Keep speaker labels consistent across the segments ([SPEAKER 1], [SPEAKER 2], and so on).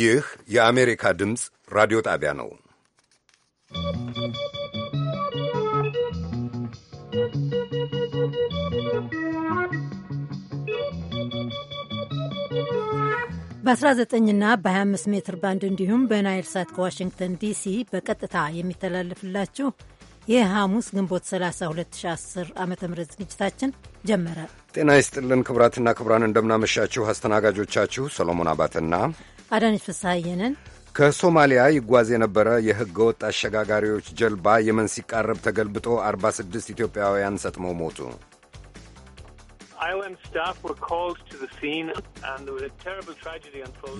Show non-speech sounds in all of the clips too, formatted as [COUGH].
[SPEAKER 1] ይህ የአሜሪካ ድምፅ ራዲዮ ጣቢያ ነው።
[SPEAKER 2] በ19ና በ25 ሜትር ባንድ እንዲሁም በናይል ሳት ከዋሽንግተን ዲሲ በቀጥታ የሚተላለፍላችሁ ሐሙስ ግንቦት 30 2010 ዓ ም ዝግጅታችን ጀመረ።
[SPEAKER 1] ጤና ይስጥልን ክቡራትና ክቡራን፣ እንደምናመሻችሁ። አስተናጋጆቻችሁ ሰሎሞን አባተና
[SPEAKER 2] አዳነች ፍስሐየንን
[SPEAKER 1] ከሶማሊያ ይጓዝ የነበረ ወጥ አሸጋጋሪዎች ጀልባ የመን ሲቃረብ ተገልብጦ 46 ኢትዮጵያውያን ሰጥመው ሞቱ።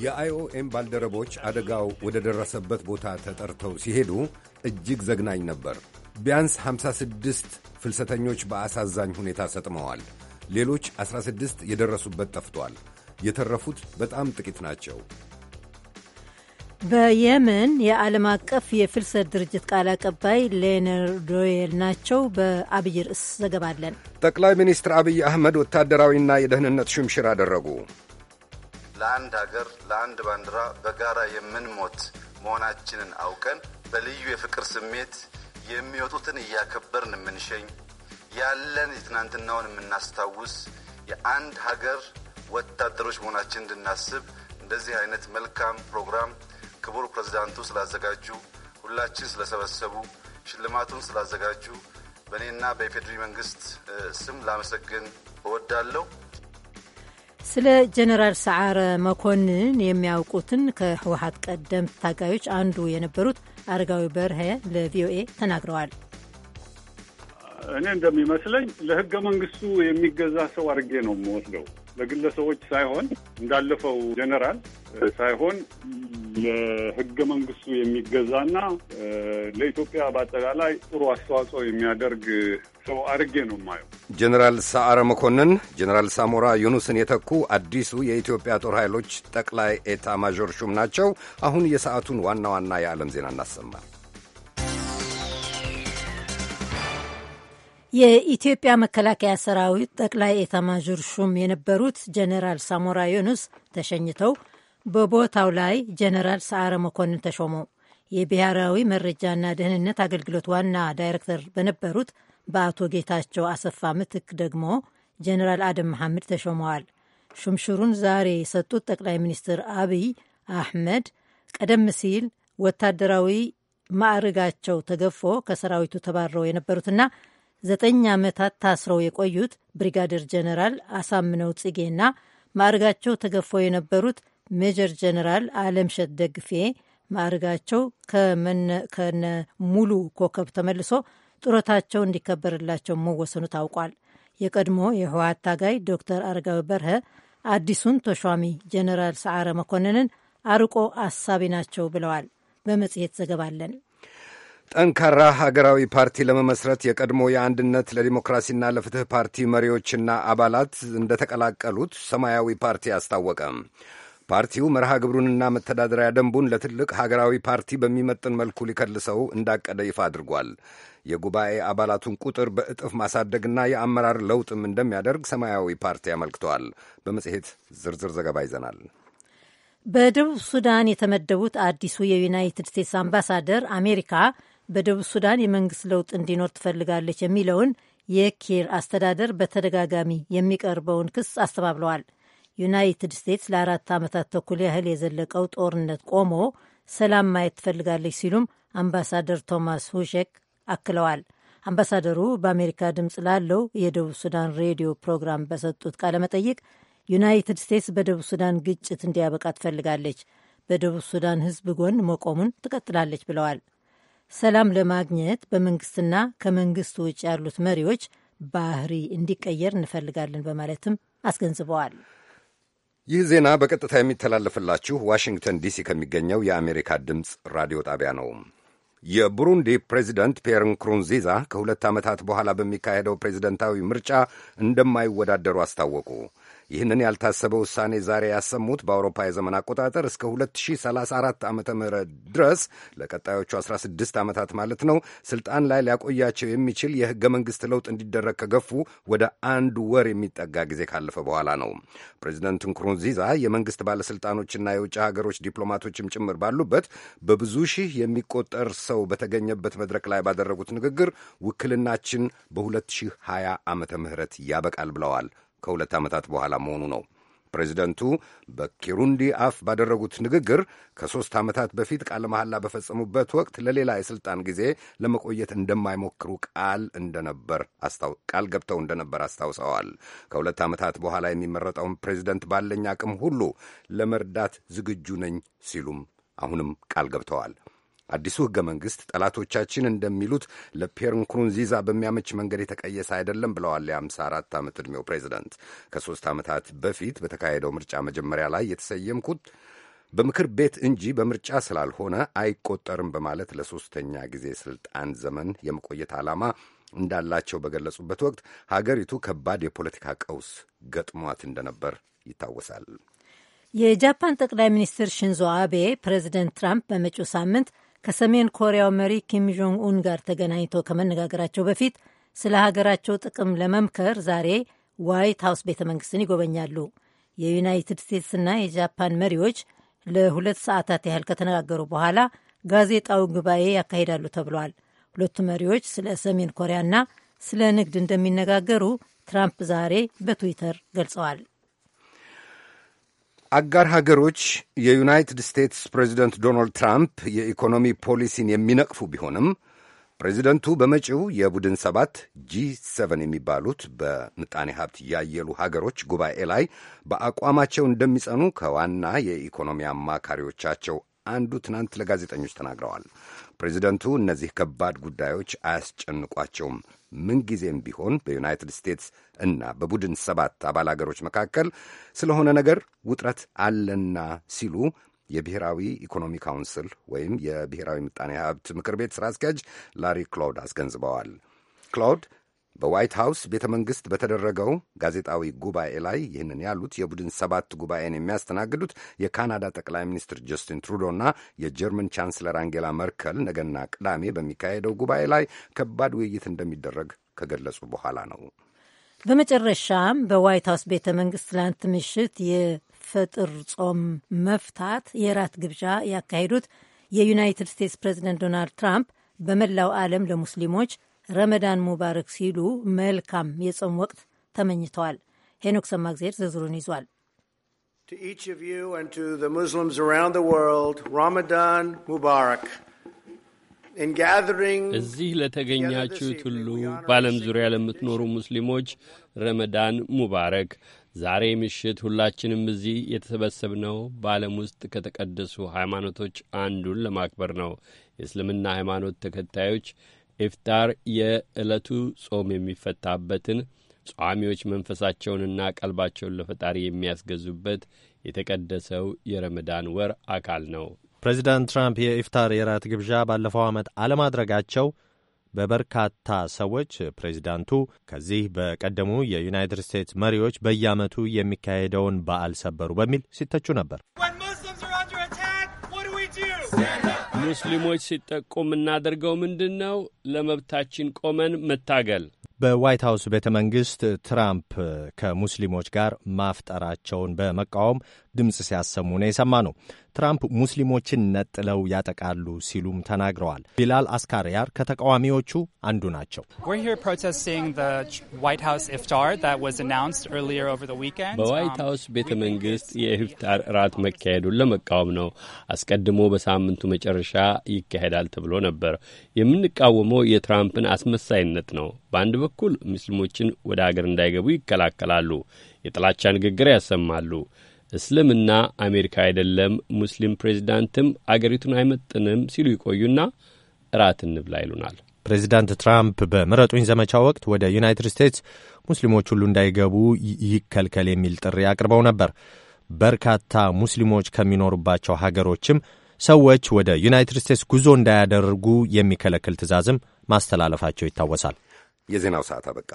[SPEAKER 1] የአይኦኤም ባልደረቦች አደጋው ወደ ደረሰበት ቦታ ተጠርተው ሲሄዱ እጅግ ዘግናኝ ነበር። ቢያንስ 56 ፍልሰተኞች በአሳዛኝ ሁኔታ ሰጥመዋል። ሌሎች 16 የደረሱበት ጠፍቷል። የተረፉት በጣም ጥቂት ናቸው።
[SPEAKER 2] በየመን የዓለም አቀፍ የፍልሰት ድርጅት ቃል አቀባይ ሌነር ዶየል ናቸው። በአብይ ርዕስ ዘገባ አለን።
[SPEAKER 1] ጠቅላይ ሚኒስትር አብይ አህመድ ወታደራዊና የደህንነት ሹምሽር አደረጉ።
[SPEAKER 3] ለአንድ ሀገር ለአንድ ባንዲራ በጋራ የምንሞት መሆናችንን አውቀን በልዩ የፍቅር ስሜት የሚወጡትን እያከበርን የምንሸኝ ያለን የትናንትናውን የምናስታውስ የአንድ ሀገር ወታደሮች መሆናችን እንድናስብ እንደዚህ አይነት መልካም ፕሮግራም ክቡር ፕሬዚዳንቱ ስላዘጋጁ፣ ሁላችን ስለሰበሰቡ፣ ሽልማቱን ስላዘጋጁ በእኔና በኢፌዴሪ መንግስት ስም ላመሰግን እወዳለሁ።
[SPEAKER 2] ስለ ጀነራል ሰዓረ መኮንን የሚያውቁትን ከህወሀት ቀደምት ታጋዮች አንዱ የነበሩት አረጋዊ በርሀ ለቪኦኤ ተናግረዋል።
[SPEAKER 4] እኔ እንደሚመስለኝ ለህገ መንግስቱ የሚገዛ ሰው አድርጌ ነው የምወስደው። ለግለሰቦች ሳይሆን እንዳለፈው ጀነራል ሳይሆን ለህገ መንግስቱ የሚገዛና ለኢትዮጵያ በአጠቃላይ ጥሩ አስተዋጽኦ የሚያደርግ ሰው አድርጌ ነው የማየው።
[SPEAKER 1] ጀነራል ሰዓረ መኮንን ጀነራል ሳሞራ ዩኑስን የተኩ አዲሱ የኢትዮጵያ ጦር ኃይሎች ጠቅላይ ኤታ ማዦር ሹም ናቸው። አሁን የሰዓቱን ዋና ዋና የዓለም ዜና እናሰማል።
[SPEAKER 2] የኢትዮጵያ መከላከያ ሰራዊት ጠቅላይ ኤታማዦር ሹም የነበሩት ጀኔራል ሳሞራ ዮኑስ ተሸኝተው በቦታው ላይ ጀኔራል ሰዓረ መኮንን ተሾሙ። የብሔራዊ መረጃና ደህንነት አገልግሎት ዋና ዳይሬክተር በነበሩት በአቶ ጌታቸው አሰፋ ምትክ ደግሞ ጀኔራል አደም መሐመድ ተሾመዋል። ሹምሽሩን ዛሬ የሰጡት ጠቅላይ ሚኒስትር አብይ አህመድ ቀደም ሲል ወታደራዊ ማዕረጋቸው ተገፎ ከሰራዊቱ ተባረው የነበሩትና ዘጠኝ ዓመታት ታስረው የቆዩት ብሪጋደር ጀነራል አሳምነው ጽጌና ማዕርጋቸው ተገፈው የነበሩት ሜጀር ጀነራል አለምሸት ደግፌ ማዕርጋቸው ከነ ሙሉ ኮከብ ተመልሶ ጡረታቸው እንዲከበርላቸው መወሰኑ ታውቋል። የቀድሞ የህወሓት ታጋይ ዶክተር አረጋዊ በርሀ አዲሱን ተሿሚ ጀነራል ሰዓረ መኮንንን አርቆ አሳቢ ናቸው ብለዋል። በመጽሔት ዘገባ አለን።
[SPEAKER 1] ጠንካራ ሀገራዊ ፓርቲ ለመመስረት የቀድሞ የአንድነት ለዲሞክራሲና ለፍትህ ፓርቲ መሪዎችና አባላት እንደተቀላቀሉት ሰማያዊ ፓርቲ አስታወቀ። ፓርቲው መርሃ ግብሩንና መተዳደሪያ ደንቡን ለትልቅ ሀገራዊ ፓርቲ በሚመጥን መልኩ ሊከልሰው እንዳቀደ ይፋ አድርጓል። የጉባኤ አባላቱን ቁጥር በእጥፍ ማሳደግና የአመራር ለውጥም እንደሚያደርግ ሰማያዊ ፓርቲ አመልክተዋል። በመጽሔት ዝርዝር ዘገባ ይዘናል።
[SPEAKER 2] በደቡብ ሱዳን የተመደቡት አዲሱ የዩናይትድ ስቴትስ አምባሳደር አሜሪካ በደቡብ ሱዳን የመንግስት ለውጥ እንዲኖር ትፈልጋለች የሚለውን የኪር አስተዳደር በተደጋጋሚ የሚቀርበውን ክስ አስተባብለዋል። ዩናይትድ ስቴትስ ለአራት ዓመታት ተኩል ያህል የዘለቀው ጦርነት ቆሞ ሰላም ማየት ትፈልጋለች ሲሉም አምባሳደር ቶማስ ሁሼክ አክለዋል። አምባሳደሩ በአሜሪካ ድምፅ ላለው የደቡብ ሱዳን ሬዲዮ ፕሮግራም በሰጡት ቃለ መጠይቅ ዩናይትድ ስቴትስ በደቡብ ሱዳን ግጭት እንዲያበቃ ትፈልጋለች፣ በደቡብ ሱዳን ሕዝብ ጎን መቆሙን ትቀጥላለች ብለዋል። ሰላም ለማግኘት በመንግስትና ከመንግስት ውጭ ያሉት መሪዎች ባህሪ እንዲቀየር እንፈልጋለን በማለትም አስገንዝበዋል።
[SPEAKER 1] ይህ ዜና በቀጥታ የሚተላለፍላችሁ ዋሽንግተን ዲሲ ከሚገኘው የአሜሪካ ድምፅ ራዲዮ ጣቢያ ነው። የቡሩንዲ ፕሬዚደንት ፒየር ንኩሩንዚዛ ከሁለት ዓመታት በኋላ በሚካሄደው ፕሬዚደንታዊ ምርጫ እንደማይወዳደሩ አስታወቁ። ይህንን ያልታሰበ ውሳኔ ዛሬ ያሰሙት በአውሮፓ የዘመን አቆጣጠር እስከ 2034 ዓ ም ድረስ ለቀጣዮቹ 16 ዓመታት ማለት ነው ስልጣን ላይ ሊያቆያቸው የሚችል የህገ መንግስት ለውጥ እንዲደረግ ከገፉ ወደ አንድ ወር የሚጠጋ ጊዜ ካለፈ በኋላ ነው። ፕሬዚደንት ንኩሩንዚዛ የመንግስት ባለሥልጣኖችና የውጭ ሀገሮች ዲፕሎማቶችም ጭምር ባሉበት በብዙ ሺህ የሚቆጠር ሰው በተገኘበት መድረክ ላይ ባደረጉት ንግግር ውክልናችን በ2020 ዓመተ ምህረት ያበቃል ብለዋል። ከሁለት ዓመታት በኋላ መሆኑ ነው። ፕሬዚደንቱ በኪሩንዲ አፍ ባደረጉት ንግግር ከሦስት ዓመታት በፊት ቃለ መሐላ በፈጸሙበት ወቅት ለሌላ የሥልጣን ጊዜ ለመቆየት እንደማይሞክሩ ቃል እንደነበር ቃል ገብተው እንደነበር አስታውሰዋል። ከሁለት ዓመታት በኋላ የሚመረጠውን ፕሬዚደንት ባለኝ አቅም ሁሉ ለመርዳት ዝግጁ ነኝ ሲሉም አሁንም ቃል ገብተዋል። አዲሱ ሕገ መንግሥት ጠላቶቻችን እንደሚሉት ለፒየር ንኩሩንዚዛ በሚያመች መንገድ የተቀየሰ አይደለም ብለዋል የ54 ዓመት ዕድሜው ፕሬዚደንት። ከሦስት ዓመታት በፊት በተካሄደው ምርጫ መጀመሪያ ላይ የተሰየምኩት በምክር ቤት እንጂ በምርጫ ስላልሆነ አይቆጠርም በማለት ለሦስተኛ ጊዜ ስልጣን ዘመን የመቆየት ዓላማ እንዳላቸው በገለጹበት ወቅት ሀገሪቱ ከባድ የፖለቲካ ቀውስ ገጥሟት እንደነበር ይታወሳል።
[SPEAKER 2] የጃፓን ጠቅላይ ሚኒስትር ሽንዞ አቤ ፕሬዚደንት ትራምፕ በመጪው ሳምንት ከሰሜን ኮሪያው መሪ ኪም ጆንግ ኡን ጋር ተገናኝቶ ከመነጋገራቸው በፊት ስለ ሀገራቸው ጥቅም ለመምከር ዛሬ ዋይት ሀውስ ቤተ መንግስትን ይጎበኛሉ። የዩናይትድ ስቴትስና የጃፓን መሪዎች ለሁለት ሰዓታት ያህል ከተነጋገሩ በኋላ ጋዜጣዊ ጉባኤ ያካሂዳሉ ተብሏል። ሁለቱ መሪዎች ስለ ሰሜን ኮሪያና ስለ ንግድ እንደሚነጋገሩ ትራምፕ ዛሬ በትዊተር ገልጸዋል።
[SPEAKER 1] አጋር ሀገሮች የዩናይትድ ስቴትስ ፕሬዚደንት ዶናልድ ትራምፕ የኢኮኖሚ ፖሊሲን የሚነቅፉ ቢሆንም ፕሬዚደንቱ በመጪው የቡድን ሰባት ጂ ሰቨን የሚባሉት በምጣኔ ሀብት ያየሉ ሀገሮች ጉባኤ ላይ በአቋማቸው እንደሚጸኑ ከዋና የኢኮኖሚ አማካሪዎቻቸው አንዱ ትናንት ለጋዜጠኞች ተናግረዋል። ፕሬዚደንቱ እነዚህ ከባድ ጉዳዮች አያስጨንቋቸውም ምንጊዜም ቢሆን በዩናይትድ ስቴትስ እና በቡድን ሰባት አባል አገሮች መካከል ስለሆነ ነገር ውጥረት አለና ሲሉ የብሔራዊ ኢኮኖሚ ካውንስል ወይም የብሔራዊ ምጣኔ ሀብት ምክር ቤት ሥራ አስኪያጅ ላሪ ክላውድ አስገንዝበዋል። ክላውድ በዋይት ሃውስ ቤተ መንግሥት በተደረገው ጋዜጣዊ ጉባኤ ላይ ይህንን ያሉት የቡድን ሰባት ጉባኤን የሚያስተናግዱት የካናዳ ጠቅላይ ሚኒስትር ጀስቲን እና የጀርመን ቻንስለር አንጌላ መርከል ነገና ቅዳሜ በሚካሄደው ጉባኤ ላይ ከባድ ውይይት እንደሚደረግ ከገለጹ በኋላ ነው።
[SPEAKER 2] በመጨረሻም በዋይት ሃውስ ቤተ መንግሥት ትላንት ምሽት የፈጥር ጾም መፍታት የራት ግብዣ ያካሄዱት የዩናይትድ ስቴትስ ፕሬዚደንት ዶናልድ ትራምፕ በመላው ዓለም ለሙስሊሞች ረመዳን ሙባረክ ሲሉ መልካም የጾም ወቅት ተመኝተዋል። ሄኖክ ሰማግዜር ዝርዝሩን ይዟል።
[SPEAKER 5] እዚህ
[SPEAKER 6] ለተገኛችሁት ሁሉ በዓለም ዙሪያ ለምትኖሩ ሙስሊሞች ረመዳን ሙባረክ። ዛሬ ምሽት ሁላችንም እዚህ የተሰበሰብነው በዓለም ውስጥ ከተቀደሱ ሃይማኖቶች አንዱን ለማክበር ነው። የእስልምና ሃይማኖት ተከታዮች ኢፍጣር የዕለቱ ጾም የሚፈታበትን ጿሚዎች መንፈሳቸውንና ቀልባቸውን ለፈጣሪ የሚያስገዙበት የተቀደሰው የረመዳን ወር አካል ነው።
[SPEAKER 7] ፕሬዚዳንት ትራምፕ የኢፍታር የራት ግብዣ ባለፈው ዓመት አለማድረጋቸው በበርካታ ሰዎች ፕሬዚዳንቱ ከዚህ በቀደሙ የዩናይትድ ስቴትስ መሪዎች በየዓመቱ የሚካሄደውን በዓል ሰበሩ በሚል ሲተቹ ነበር።
[SPEAKER 6] ሙስሊሞች ሲጠቁ የምናደርገው ምንድን ነው? ለመብታችን ቆመን መታገል።
[SPEAKER 7] በዋይት ሀውስ ቤተ መንግስት ትራምፕ ከሙስሊሞች ጋር ማፍጠራቸውን በመቃወም ድምፅ ሲያሰሙ ነው የሰማ ነው። ትራምፕ ሙስሊሞችን ነጥለው ያጠቃሉ ሲሉም ተናግረዋል። ቢላል አስካሪያር ከተቃዋሚዎቹ አንዱ ናቸው። በዋይት um, ሀውስ ቤተ መንግስት የኢፍጣር እራት
[SPEAKER 6] መካሄዱን ለመቃወም ነው። አስቀድሞ በሳምንቱ መጨረሻ ይካሄዳል ተብሎ ነበር። የምንቃወመው የትራምፕን አስመሳይነት ነው። በአንድ በኩል ሙስሊሞችን ወደ አገር እንዳይገቡ ይከላከላሉ፣ የጥላቻ ንግግር ያሰማሉ እስልምና አሜሪካ አይደለም፣ ሙስሊም ፕሬዚዳንትም አገሪቱን አይመጥንም ሲሉ ይቆዩና
[SPEAKER 7] እራት እንብላ ይሉናል። ፕሬዚዳንት ትራምፕ በምረጡኝ ዘመቻ ወቅት ወደ ዩናይትድ ስቴትስ ሙስሊሞች ሁሉ እንዳይገቡ ይከልከል የሚል ጥሪ አቅርበው ነበር። በርካታ ሙስሊሞች ከሚኖሩባቸው ሀገሮችም ሰዎች ወደ ዩናይትድ ስቴትስ ጉዞ እንዳያደርጉ የሚከለክል ትዕዛዝም ማስተላለፋቸው ይታወሳል። የዜናው ሰዓት አበቃ።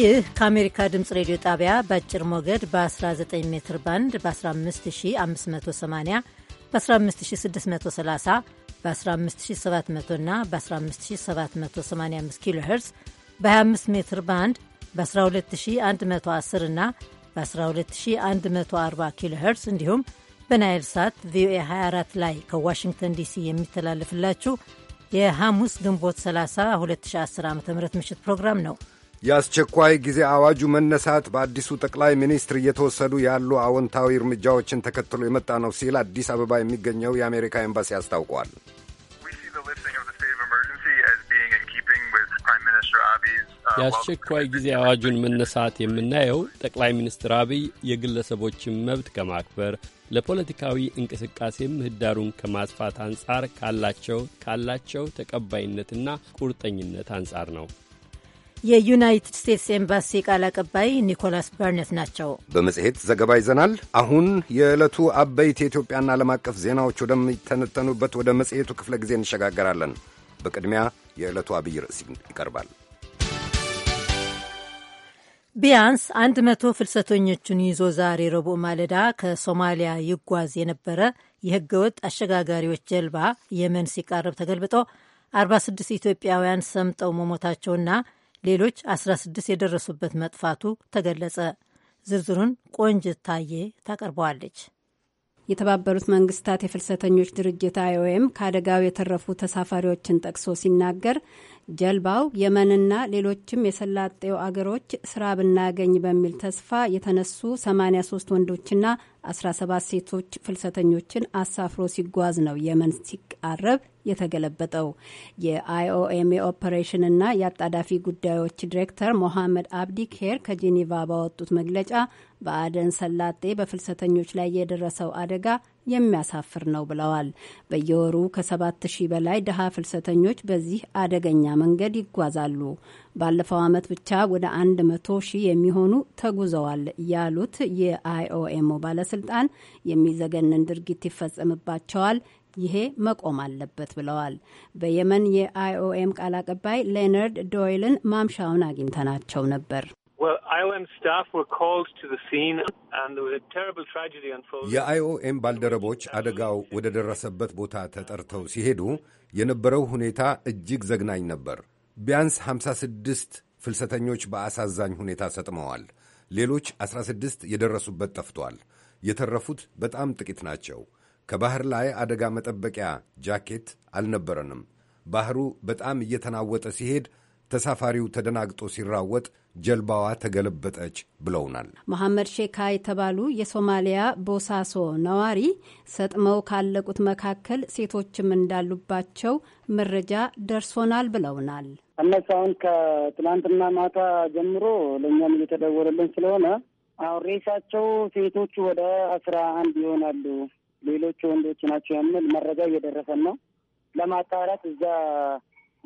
[SPEAKER 2] ይህ ከአሜሪካ ድምፅ ሬዲዮ ጣቢያ በአጭር ሞገድ በ19 ሜትር ባንድ በ15580 በ15630 በ15700 እና በ15785 ኪሎ ሄርዝ በ25 ሜትር ባንድ በ12110 እና በ12140 ኪሎ ሄርዝ እንዲሁም በናይል ሳት ቪኦኤ 24 ላይ ከዋሽንግተን ዲሲ የሚተላለፍላችሁ የሐሙስ ግንቦት 30 2010 ዓ ም ምሽት ፕሮግራም ነው።
[SPEAKER 1] የአስቸኳይ ጊዜ አዋጁ መነሳት በአዲሱ ጠቅላይ ሚኒስትር እየተወሰዱ ያሉ አዎንታዊ እርምጃዎችን ተከትሎ የመጣ ነው ሲል አዲስ አበባ የሚገኘው የአሜሪካ ኤምባሲ አስታውቋል።
[SPEAKER 2] የአስቸኳይ
[SPEAKER 1] ጊዜ አዋጁን መነሳት
[SPEAKER 6] የምናየው ጠቅላይ ሚኒስትር አብይ የግለሰቦችን መብት ከማክበር ለፖለቲካዊ እንቅስቃሴ ምህዳሩን ከማስፋት አንጻር ካላቸው ካላቸው ተቀባይነትና ቁርጠኝነት አንጻር ነው።
[SPEAKER 2] የዩናይትድ ስቴትስ ኤምባሲ ቃል አቀባይ ኒኮላስ በርነት ናቸው።
[SPEAKER 1] በመጽሔት ዘገባ ይዘናል። አሁን የዕለቱ አበይት የኢትዮጵያና ዓለም አቀፍ ዜናዎች ወደሚተነተኑበት ወደ መጽሔቱ ክፍለ ጊዜ እንሸጋገራለን። በቅድሚያ የዕለቱ አብይ ርዕስ ይቀርባል።
[SPEAKER 2] ቢያንስ አንድ መቶ ፍልሰተኞቹን ይዞ ዛሬ ረቡዕ ማለዳ ከሶማሊያ ይጓዝ የነበረ የህገወጥ አሸጋጋሪዎች ጀልባ የመን ሲቃረብ ተገልብጦ 46 ኢትዮጵያውያን ሰምጠው መሞታቸውና ሌሎች 16 የደረሱበት መጥፋቱ ተገለጸ። ዝርዝሩን ቆንጅት ታዬ ታቀርበዋለች። የተባበሩት
[SPEAKER 8] መንግስታት የፍልሰተኞች ድርጅት አይኦኤም ከአደጋው የተረፉ ተሳፋሪዎችን ጠቅሶ ሲናገር ጀልባው የመንና ሌሎችም የሰላጤው አገሮች ስራ ብናገኝ በሚል ተስፋ የተነሱ 83 ወንዶችና 17 ሴቶች ፍልሰተኞችን አሳፍሮ ሲጓዝ ነው የመን ሲቃረብ የተገለበጠው። የአይኦኤም ኦፐሬሽንና የአጣዳፊ ጉዳዮች ዲሬክተር ሞሐመድ አብዲ ኬር ከጄኔቫ ባወጡት መግለጫ በአደን ሰላጤ በፍልሰተኞች ላይ የደረሰው አደጋ የሚያሳፍር ነው ብለዋል። በየወሩ ከሰባት ሺህ በላይ ድሃ ፍልሰተኞች በዚህ አደገኛ መንገድ ይጓዛሉ። ባለፈው ዓመት ብቻ ወደ አንድ መቶ ሺህ የሚሆኑ ተጉዘዋል ያሉት የአይኦኤም ባለስልጣን የሚዘገንን ድርጊት ይፈጸምባቸዋል፣ ይሄ መቆም አለበት ብለዋል። በየመን የአይኦኤም ቃል አቀባይ ሌነርድ ዶይልን ማምሻውን አግኝተናቸው ነበር። የአይኦኤም ባልደረቦች
[SPEAKER 1] አደጋው ወደ ደረሰበት ቦታ ተጠርተው ሲሄዱ የነበረው ሁኔታ እጅግ ዘግናኝ ነበር። ቢያንስ 56 ፍልሰተኞች በአሳዛኝ ሁኔታ ሰጥመዋል። ሌሎች 16 የደረሱበት ጠፍቷል። የተረፉት በጣም ጥቂት ናቸው። ከባህር ላይ አደጋ መጠበቂያ ጃኬት አልነበረንም። ባህሩ በጣም እየተናወጠ ሲሄድ ተሳፋሪው ተደናግጦ ሲራወጥ ጀልባዋ ተገለበጠች ብለውናል።
[SPEAKER 8] መሐመድ ሼካ የተባሉ የሶማሊያ ቦሳሶ ነዋሪ ሰጥመው ካለቁት መካከል ሴቶችም እንዳሉባቸው መረጃ ደርሶናል ብለውናል።
[SPEAKER 9] እነሱ አሁን ከትናንትና ማታ ጀምሮ ለእኛም እየተደወለልን ስለሆነ አሁን ሬሳቸው ሴቶቹ ወደ አስራ አንድ ይሆናሉ ሌሎች ወንዶች ናቸው የሚል መረጃ እየደረሰን ነው። ለማጣራት እዛ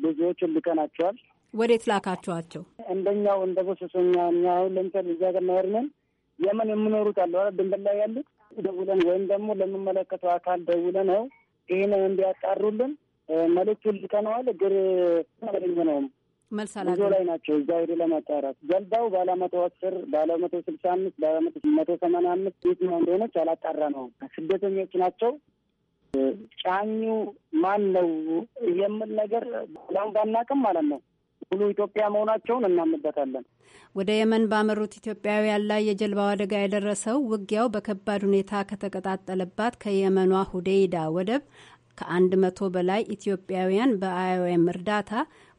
[SPEAKER 9] ብዙዎቹን ልከናቸዋል።
[SPEAKER 8] ወዴት ላካችኋቸው?
[SPEAKER 9] እንደኛው እንደ ቦሰሶኛ እኛ አሁን ለምሳሌ እዛ ጋር ናያርነን የመን የምኖሩት አለ ድንበር ላይ ያሉት ደውለን ወይም ደግሞ ለሚመለከተው አካል ደውለ ነው ይህንን እንዲያጣሩልን መልእክቱን ልከነዋል። እግር አላገኘነውም።
[SPEAKER 8] መልሳላ ላይ
[SPEAKER 9] ናቸው። እዛ ሄዶ ለማጣራት ጀልባው ባለ መቶ አስር ባለ መቶ ስልሳ አምስት ባለ መቶ መቶ ሰማንያ አምስት ቤት ነው እንደሆነች አላጣራ ነው። ስደተኞች ናቸው። ጫኙ ማን ነው የምል ነገር ሁላም ባናቅም ማለት ነው ሙሉ ኢትዮጵያ መሆናቸውን እናምንበታለን።
[SPEAKER 8] ወደ የመን ባመሩት ኢትዮጵያውያን ላይ የጀልባው አደጋ የደረሰው ውጊያው በከባድ ሁኔታ ከተቀጣጠለባት ከየመኗ ሁዴይዳ ወደብ ከአንድ መቶ በላይ ኢትዮጵያውያን በአይኦኤም እርዳታ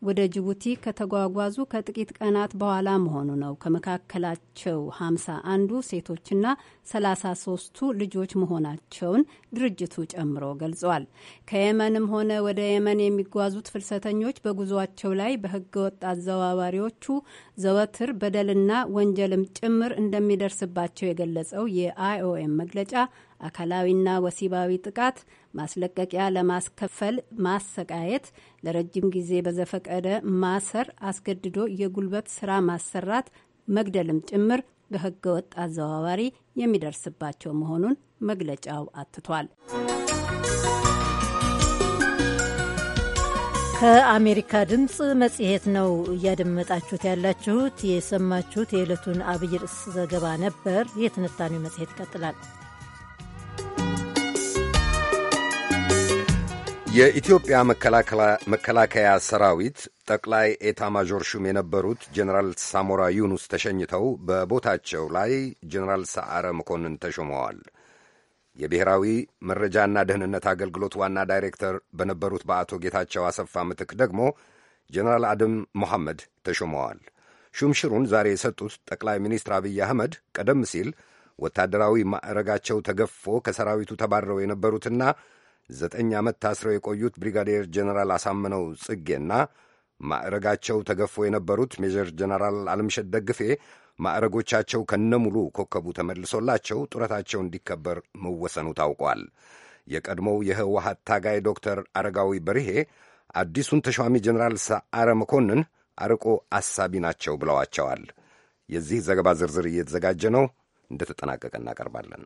[SPEAKER 8] ወደ ጅቡቲ ከተጓጓዙ ከጥቂት ቀናት በኋላ መሆኑ ነው። ከመካከላቸው 50 አንዱ ሴቶችና 33 ሶስቱ ልጆች መሆናቸውን ድርጅቱ ጨምሮ ገልጿል። ከየመንም ሆነ ወደ የመን የሚጓዙት ፍልሰተኞች በጉዟቸው ላይ ወጥ አዘዋዋሪዎቹ ዘወትር በደልና ወንጀልም ጭምር እንደሚደርስባቸው የገለጸው የአይኦኤም መግለጫ አካላዊና ወሲባዊ ጥቃት፣ ማስለቀቂያ ለማስከፈል ማሰቃየት፣ ለረጅም ጊዜ በዘፈቀደ ማሰር፣ አስገድዶ የጉልበት ስራ ማሰራት፣ መግደልም ጭምር በህገወጥ አዘዋዋሪ የሚደርስባቸው መሆኑን መግለጫው አትቷል።
[SPEAKER 2] ከአሜሪካ ድምፅ መጽሔት ነው እያደመጣችሁት ያላችሁት። የሰማችሁት የዕለቱን አብይ ርዕስ ዘገባ ነበር። የትንታኔው መጽሔት ይቀጥላል።
[SPEAKER 1] የኢትዮጵያ መከላከያ ሰራዊት ጠቅላይ ኤታ ማዦር ሹም የነበሩት ጀኔራል ሳሞራ ዩኑስ ተሸኝተው በቦታቸው ላይ ጀኔራል ሰዓረ መኮንን ተሾመዋል። የብሔራዊ መረጃና ደህንነት አገልግሎት ዋና ዳይሬክተር በነበሩት በአቶ ጌታቸው አሰፋ ምትክ ደግሞ ጀኔራል አደም መሐመድ ተሾመዋል። ሹምሽሩን ዛሬ የሰጡት ጠቅላይ ሚኒስትር አብይ አህመድ ቀደም ሲል ወታደራዊ ማዕረጋቸው ተገፎ ከሰራዊቱ ተባረው የነበሩትና ዘጠኝ ዓመት ታስረው የቆዩት ብሪጋዴር ጀነራል አሳምነው ጽጌና ማዕረጋቸው ተገፎ የነበሩት ሜጀር ጀነራል አለምሸት ደግፌ ማዕረጎቻቸው ከነሙሉ ኮከቡ ተመልሶላቸው ጡረታቸው እንዲከበር መወሰኑ ታውቋል። የቀድሞው የህወሀት ታጋይ ዶክተር አረጋዊ በርሄ አዲሱን ተሿሚ ጀነራል ሰዓረ መኮንን አርቆ አሳቢ ናቸው ብለዋቸዋል። የዚህ ዘገባ ዝርዝር እየተዘጋጀ ነው፣ እንደተጠናቀቀ እናቀርባለን።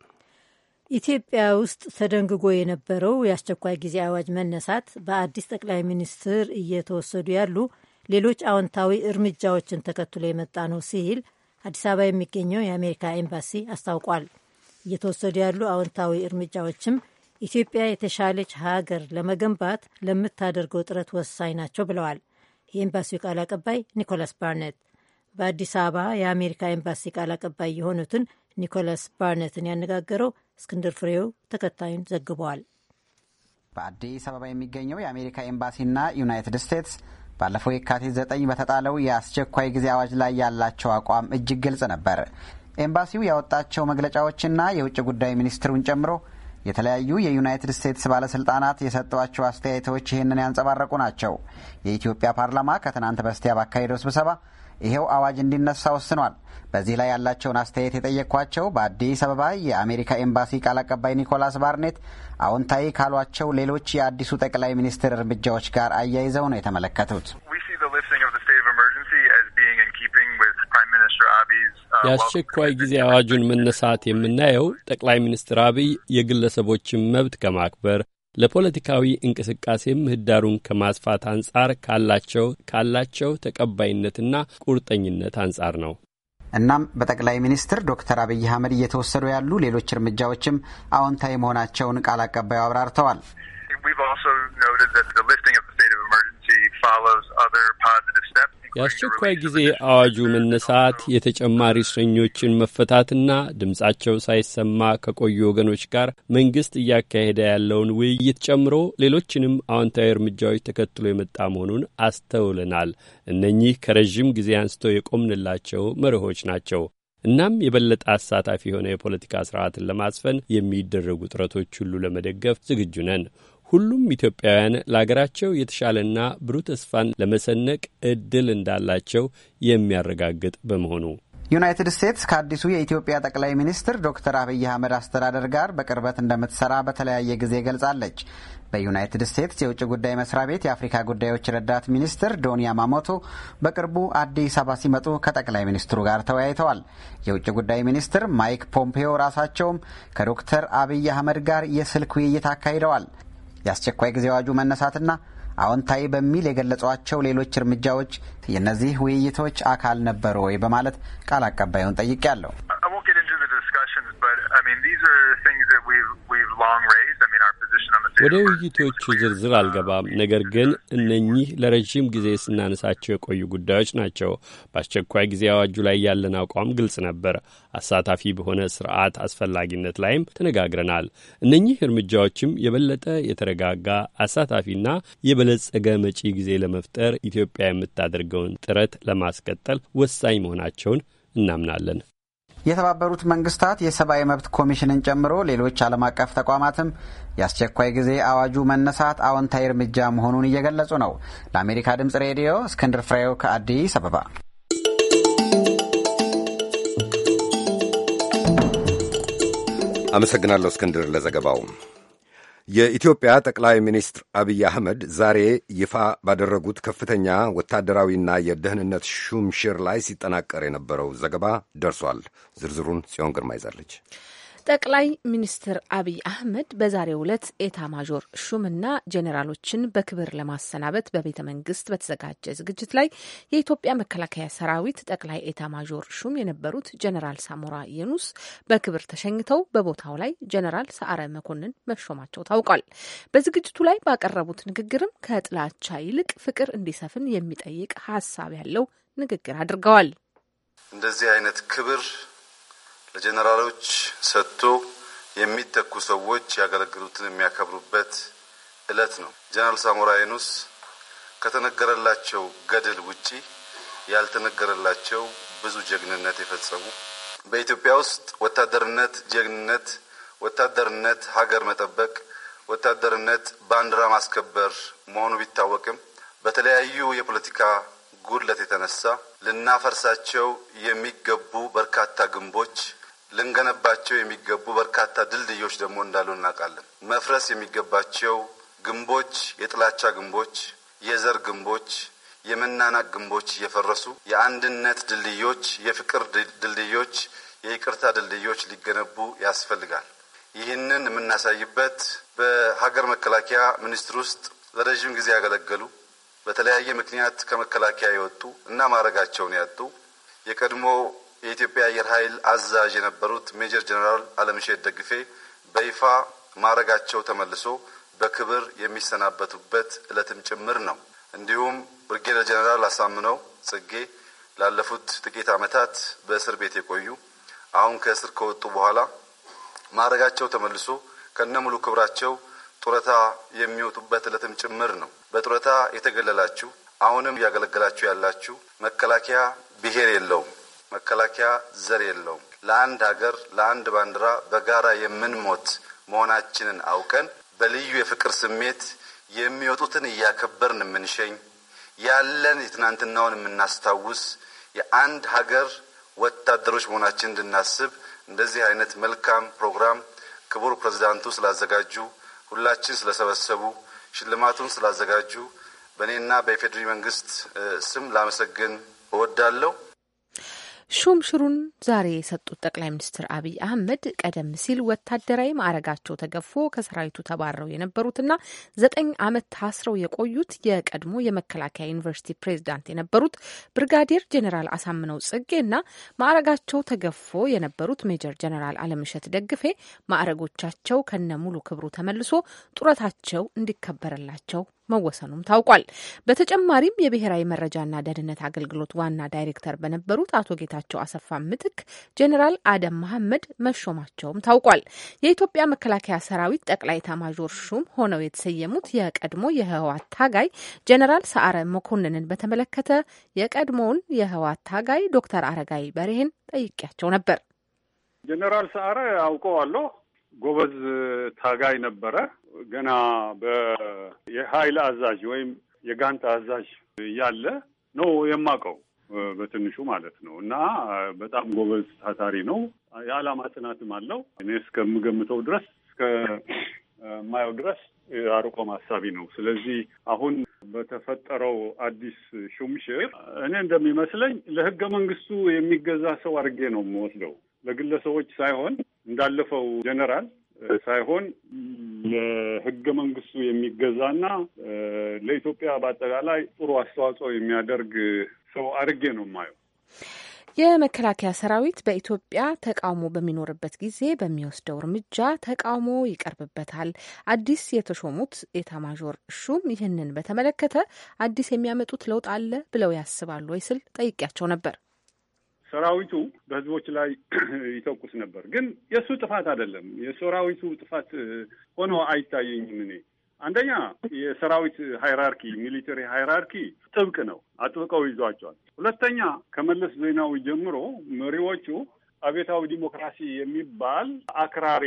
[SPEAKER 2] ኢትዮጵያ ውስጥ ተደንግጎ የነበረው የአስቸኳይ ጊዜ አዋጅ መነሳት በአዲስ ጠቅላይ ሚኒስትር እየተወሰዱ ያሉ ሌሎች አዎንታዊ እርምጃዎችን ተከትሎ የመጣ ነው ሲል አዲስ አበባ የሚገኘው የአሜሪካ ኤምባሲ አስታውቋል። እየተወሰዱ ያሉ አዎንታዊ እርምጃዎችም ኢትዮጵያ የተሻለች ሀገር ለመገንባት ለምታደርገው ጥረት ወሳኝ ናቸው ብለዋል የኤምባሲው ቃል አቀባይ ኒኮላስ ባርነት። በአዲስ አበባ የአሜሪካ ኤምባሲ ቃል አቀባይ የሆኑትን ኒኮላስ ባርነትን ያነጋገረው እስክንድር ፍሬው ተከታዩን ዘግበዋል። በአዲስ አበባ
[SPEAKER 10] የሚገኘው የአሜሪካ ኤምባሲና ዩናይትድ ስቴትስ ባለፈው የካቲት ዘጠኝ በተጣለው የአስቸኳይ ጊዜ አዋጅ ላይ ያላቸው አቋም እጅግ ግልጽ ነበር። ኤምባሲው ያወጣቸው መግለጫዎችና የውጭ ጉዳይ ሚኒስትሩን ጨምሮ የተለያዩ የዩናይትድ ስቴትስ ባለስልጣናት የሰጧቸው አስተያየቶች ይህንን ያንጸባረቁ ናቸው። የኢትዮጵያ ፓርላማ ከትናንት በስቲያ ባካሄደው ስብሰባ ይሄው አዋጅ እንዲነሳ ወስኗል። በዚህ ላይ ያላቸውን አስተያየት የጠየቅኳቸው በአዲስ አበባ የአሜሪካ ኤምባሲ ቃል አቀባይ ኒኮላስ ባርኔት አዎንታዊ ካሏቸው ሌሎች የአዲሱ ጠቅላይ ሚኒስትር እርምጃዎች ጋር አያይዘው ነው የተመለከቱት።
[SPEAKER 2] uh,
[SPEAKER 6] የአስቸኳይ ጊዜ አዋጁን መነሳት የምናየው ጠቅላይ ሚኒስትር አብይ የግለሰቦችን መብት ከማክበር ለፖለቲካዊ እንቅስቃሴም ምህዳሩን ከማስፋት አንጻር ካላቸው ካላቸው ተቀባይነትና ቁርጠኝነት አንጻር ነው።
[SPEAKER 10] እናም በጠቅላይ ሚኒስትር ዶክተር አብይ አህመድ እየተወሰዱ ያሉ ሌሎች እርምጃዎችም አዎንታዊ መሆናቸውን ቃል አቀባዩ አብራርተዋል።
[SPEAKER 4] We've also noted that the lifting of the state of emergency follows other
[SPEAKER 6] positive steps. የአስቸኳይ ጊዜ አዋጁ መነሳት የተጨማሪ እስረኞችን መፈታትና ድምጻቸው ሳይሰማ ከቆዩ ወገኖች ጋር መንግስት እያካሄደ ያለውን ውይይት ጨምሮ ሌሎችንም አዎንታዊ እርምጃዎች ተከትሎ የመጣ መሆኑን አስተውለናል። እነኚህ ከረዥም ጊዜ አንስተው የቆምንላቸው መርሆች ናቸው። እናም የበለጠ አሳታፊ የሆነ የፖለቲካ ስርዓትን ለማስፈን የሚደረጉ ጥረቶች ሁሉ ለመደገፍ ዝግጁ ነን። ሁሉም ኢትዮጵያውያን ለአገራቸው የተሻለና ብሩህ ተስፋን ለመሰነቅ እድል እንዳላቸው የሚያረጋግጥ በመሆኑ
[SPEAKER 10] ዩናይትድ ስቴትስ ከአዲሱ የኢትዮጵያ ጠቅላይ ሚኒስትር ዶክተር አብይ አህመድ አስተዳደር ጋር በቅርበት እንደምትሰራ በተለያየ ጊዜ ገልጻለች። በዩናይትድ ስቴትስ የውጭ ጉዳይ መስሪያ ቤት የአፍሪካ ጉዳዮች ረዳት ሚኒስትር ዶኒ ያማሞቶ በቅርቡ አዲስ አበባ ሲመጡ ከጠቅላይ ሚኒስትሩ ጋር ተወያይተዋል። የውጭ ጉዳይ ሚኒስትር ማይክ ፖምፔዮ ራሳቸውም ከዶክተር አብይ አህመድ ጋር የስልክ ውይይት አካሂደዋል። የአስቸኳይ ጊዜ አዋጁ መነሳትና አዎንታዊ በሚል የገለጿቸው ሌሎች እርምጃዎች የእነዚህ ውይይቶች አካል ነበሩ ወይ በማለት ቃል አቀባዩን ጠይቄያለሁ።
[SPEAKER 6] ወደ ውይይቶቹ ዝርዝር አልገባም። ነገር ግን እነኚህ ለረዥም ጊዜ ስናነሳቸው የቆዩ ጉዳዮች ናቸው። በአስቸኳይ ጊዜ አዋጁ ላይ ያለን አቋም ግልጽ ነበር። አሳታፊ በሆነ ስርዓት አስፈላጊነት ላይም ተነጋግረናል። እነኚህ እርምጃዎችም የበለጠ የተረጋጋ አሳታፊና የበለጸገ መጪ ጊዜ ለመፍጠር ኢትዮጵያ የምታደርገውን ጥረት ለማስቀጠል ወሳኝ መሆናቸውን እናምናለን።
[SPEAKER 10] የተባበሩት መንግስታት የሰብአዊ መብት ኮሚሽንን ጨምሮ ሌሎች ዓለም አቀፍ ተቋማትም የአስቸኳይ ጊዜ አዋጁ መነሳት አዎንታዊ እርምጃ መሆኑን እየገለጹ ነው። ለአሜሪካ ድምጽ ሬዲዮ እስክንድር ፍሬው ከአዲስ አበባ።
[SPEAKER 1] አመሰግናለሁ እስክንድር ለዘገባው። የኢትዮጵያ ጠቅላይ ሚኒስትር አብይ አህመድ ዛሬ ይፋ ባደረጉት ከፍተኛ ወታደራዊና የደህንነት ሹምሽር ላይ ሲጠናቀር የነበረው ዘገባ ደርሷል። ዝርዝሩን ጽዮን ግርማ ይዛለች።
[SPEAKER 11] ጠቅላይ ሚኒስትር አብይ አህመድ በዛሬው ዕለት ኤታ ማዦር ሹምና ጄኔራሎችን በክብር ለማሰናበት በቤተ መንግስት በተዘጋጀ ዝግጅት ላይ የኢትዮጵያ መከላከያ ሰራዊት ጠቅላይ ኤታ ማዦር ሹም የነበሩት ጄኔራል ሳሞራ የኑስ በክብር ተሸኝተው በቦታው ላይ ጄኔራል ሰዓረ መኮንን መሾማቸው ታውቋል። በዝግጅቱ ላይ ባቀረቡት ንግግርም ከጥላቻ ይልቅ ፍቅር እንዲሰፍን የሚጠይቅ ሀሳብ ያለው ንግግር አድርገዋል።
[SPEAKER 3] እንደዚህ አይነት ክብር ለጀነራሎች ሰጥቶ የሚተኩ ሰዎች ያገለግሉትን የሚያከብሩበት እለት ነው። ጀነራል ሳሞራ የኑስ ከተነገረላቸው ገድል ውጪ ያልተነገረላቸው ብዙ ጀግንነት የፈጸሙ በኢትዮጵያ ውስጥ ወታደርነት ጀግንነት፣ ወታደርነት ሀገር መጠበቅ፣ ወታደርነት ባንዲራ ማስከበር መሆኑ ቢታወቅም በተለያዩ የፖለቲካ ጉድለት የተነሳ ልናፈርሳቸው የሚገቡ በርካታ ግንቦች ልንገነባቸው የሚገቡ በርካታ ድልድዮች ደግሞ እንዳሉ እናውቃለን። መፍረስ የሚገባቸው ግንቦች፣ የጥላቻ ግንቦች፣ የዘር ግንቦች፣ የመናናቅ ግንቦች እየፈረሱ የአንድነት ድልድዮች፣ የፍቅር ድልድዮች፣ የይቅርታ ድልድዮች ሊገነቡ ያስፈልጋል። ይህንን የምናሳይበት በሀገር መከላከያ ሚኒስቴር ውስጥ ለረዥም ጊዜ ያገለገሉ በተለያየ ምክንያት ከመከላከያ የወጡ እና ማዕረጋቸውን ያጡ የቀድሞ የኢትዮጵያ አየር ኃይል አዛዥ የነበሩት ሜጀር ጀነራል አለምሸት ደግፌ በይፋ ማረጋቸው ተመልሶ በክብር የሚሰናበቱበት ዕለትም ጭምር ነው። እንዲሁም ብርጌደር ጀነራል አሳምነው ጽጌ ላለፉት ጥቂት ዓመታት በእስር ቤት የቆዩ አሁን ከእስር ከወጡ በኋላ ማረጋቸው ተመልሶ ከነሙሉ ክብራቸው ጡረታ የሚወጡበት ዕለትም ጭምር ነው። በጡረታ የተገለላችሁ አሁንም እያገለገላችሁ ያላችሁ መከላከያ ብሔር የለውም። መከላከያ ዘር የለውም። ለአንድ ሀገር ለአንድ ባንዲራ በጋራ የምንሞት መሆናችንን አውቀን በልዩ የፍቅር ስሜት የሚወጡትን እያከበርን የምንሸኝ ያለን የትናንትናውን የምናስታውስ የአንድ ሀገር ወታደሮች መሆናችን እንድናስብ እንደዚህ አይነት መልካም ፕሮግራም ክቡር ፕሬዚዳንቱ ስላዘጋጁ፣ ሁላችን ስለሰበሰቡ፣ ሽልማቱን ስላዘጋጁ በእኔና በኢፌዴሪ መንግስት ስም ላመሰግን እወዳለሁ።
[SPEAKER 11] ሹም ሽሩን ዛሬ የሰጡት ጠቅላይ ሚኒስትር አብይ አህመድ ቀደም ሲል ወታደራዊ ማዕረጋቸው ተገፎ ከሰራዊቱ ተባረው የነበሩትና ዘጠኝ ዓመት ታስረው የቆዩት የቀድሞ የመከላከያ ዩኒቨርሲቲ ፕሬዚዳንት የነበሩት ብርጋዴር ጀኔራል አሳምነው ጽጌ ና ማዕረጋቸው ተገፎ የነበሩት ሜጀር ጀኔራል አለምሸት ደግፌ ማዕረጎቻቸው ከነ ሙሉ ክብሩ ተመልሶ ጡረታቸው እንዲከበርላቸው መወሰኑም ታውቋል። በተጨማሪም የብሔራዊ መረጃና ደህንነት አገልግሎት ዋና ዳይሬክተር በነበሩት አቶ ጌታቸው አሰፋ ምትክ ጀኔራል አደም መሐመድ መሾማቸውም ታውቋል። የኢትዮጵያ መከላከያ ሰራዊት ጠቅላይ ኤታማዦር ሹም ሆነው የተሰየሙት የቀድሞ የህወሓት ታጋይ ጀኔራል ሰዓረ መኮንንን በተመለከተ የቀድሞውን የህወሓት ታጋይ ዶክተር አረጋይ በርሄን ጠይቄያቸው ነበር።
[SPEAKER 4] ጀኔራል ሰዓረ አውቀዋለሁ ጎበዝ ታጋይ ነበረ። ገና የሀይል አዛዥ ወይም የጋንታ አዛዥ እያለ ነው የማውቀው በትንሹ ማለት ነው። እና በጣም ጎበዝ ታታሪ ነው። የዓላማ ጽናትም አለው። እኔ እስከምገምተው ድረስ እስከማየው ድረስ አርቆ ማሳቢ ነው። ስለዚህ አሁን በተፈጠረው አዲስ ሹምሽር እኔ እንደሚመስለኝ ለህገ መንግስቱ የሚገዛ ሰው አድርጌ ነው የምወስደው። ለግለሰቦች ሳይሆን እንዳለፈው ጀነራል ሳይሆን ለህገ መንግስቱ የሚገዛና ለኢትዮጵያ በአጠቃላይ ጥሩ አስተዋጽኦ የሚያደርግ ሰው አድርጌ ነው የማየው።
[SPEAKER 11] የመከላከያ ሰራዊት በኢትዮጵያ ተቃውሞ በሚኖርበት ጊዜ በሚወስደው እርምጃ ተቃውሞ ይቀርብበታል። አዲስ የተሾሙት ኤታማዦር ሹም ይህንን በተመለከተ አዲስ የሚያመጡት ለውጥ አለ ብለው ያስባሉ ወይ ስል ጠይቄያቸው ነበር።
[SPEAKER 4] ሰራዊቱ በህዝቦች ላይ [CLEARS THROAT] ይተኩስ ነበር። ግን የእሱ ጥፋት አይደለም። የሰራዊቱ ጥፋት ሆኖ አይታየኝም እኔ አንደኛ የሰራዊት ሃይራርኪ ሚሊተሪ ሃይራርኪ ጥብቅ ነው፣ አጥብቀው ይዟቸዋል። ሁለተኛ ከመለስ ዜናዊ ጀምሮ መሪዎቹ አቤታዊ ዲሞክራሲ የሚባል አክራሪ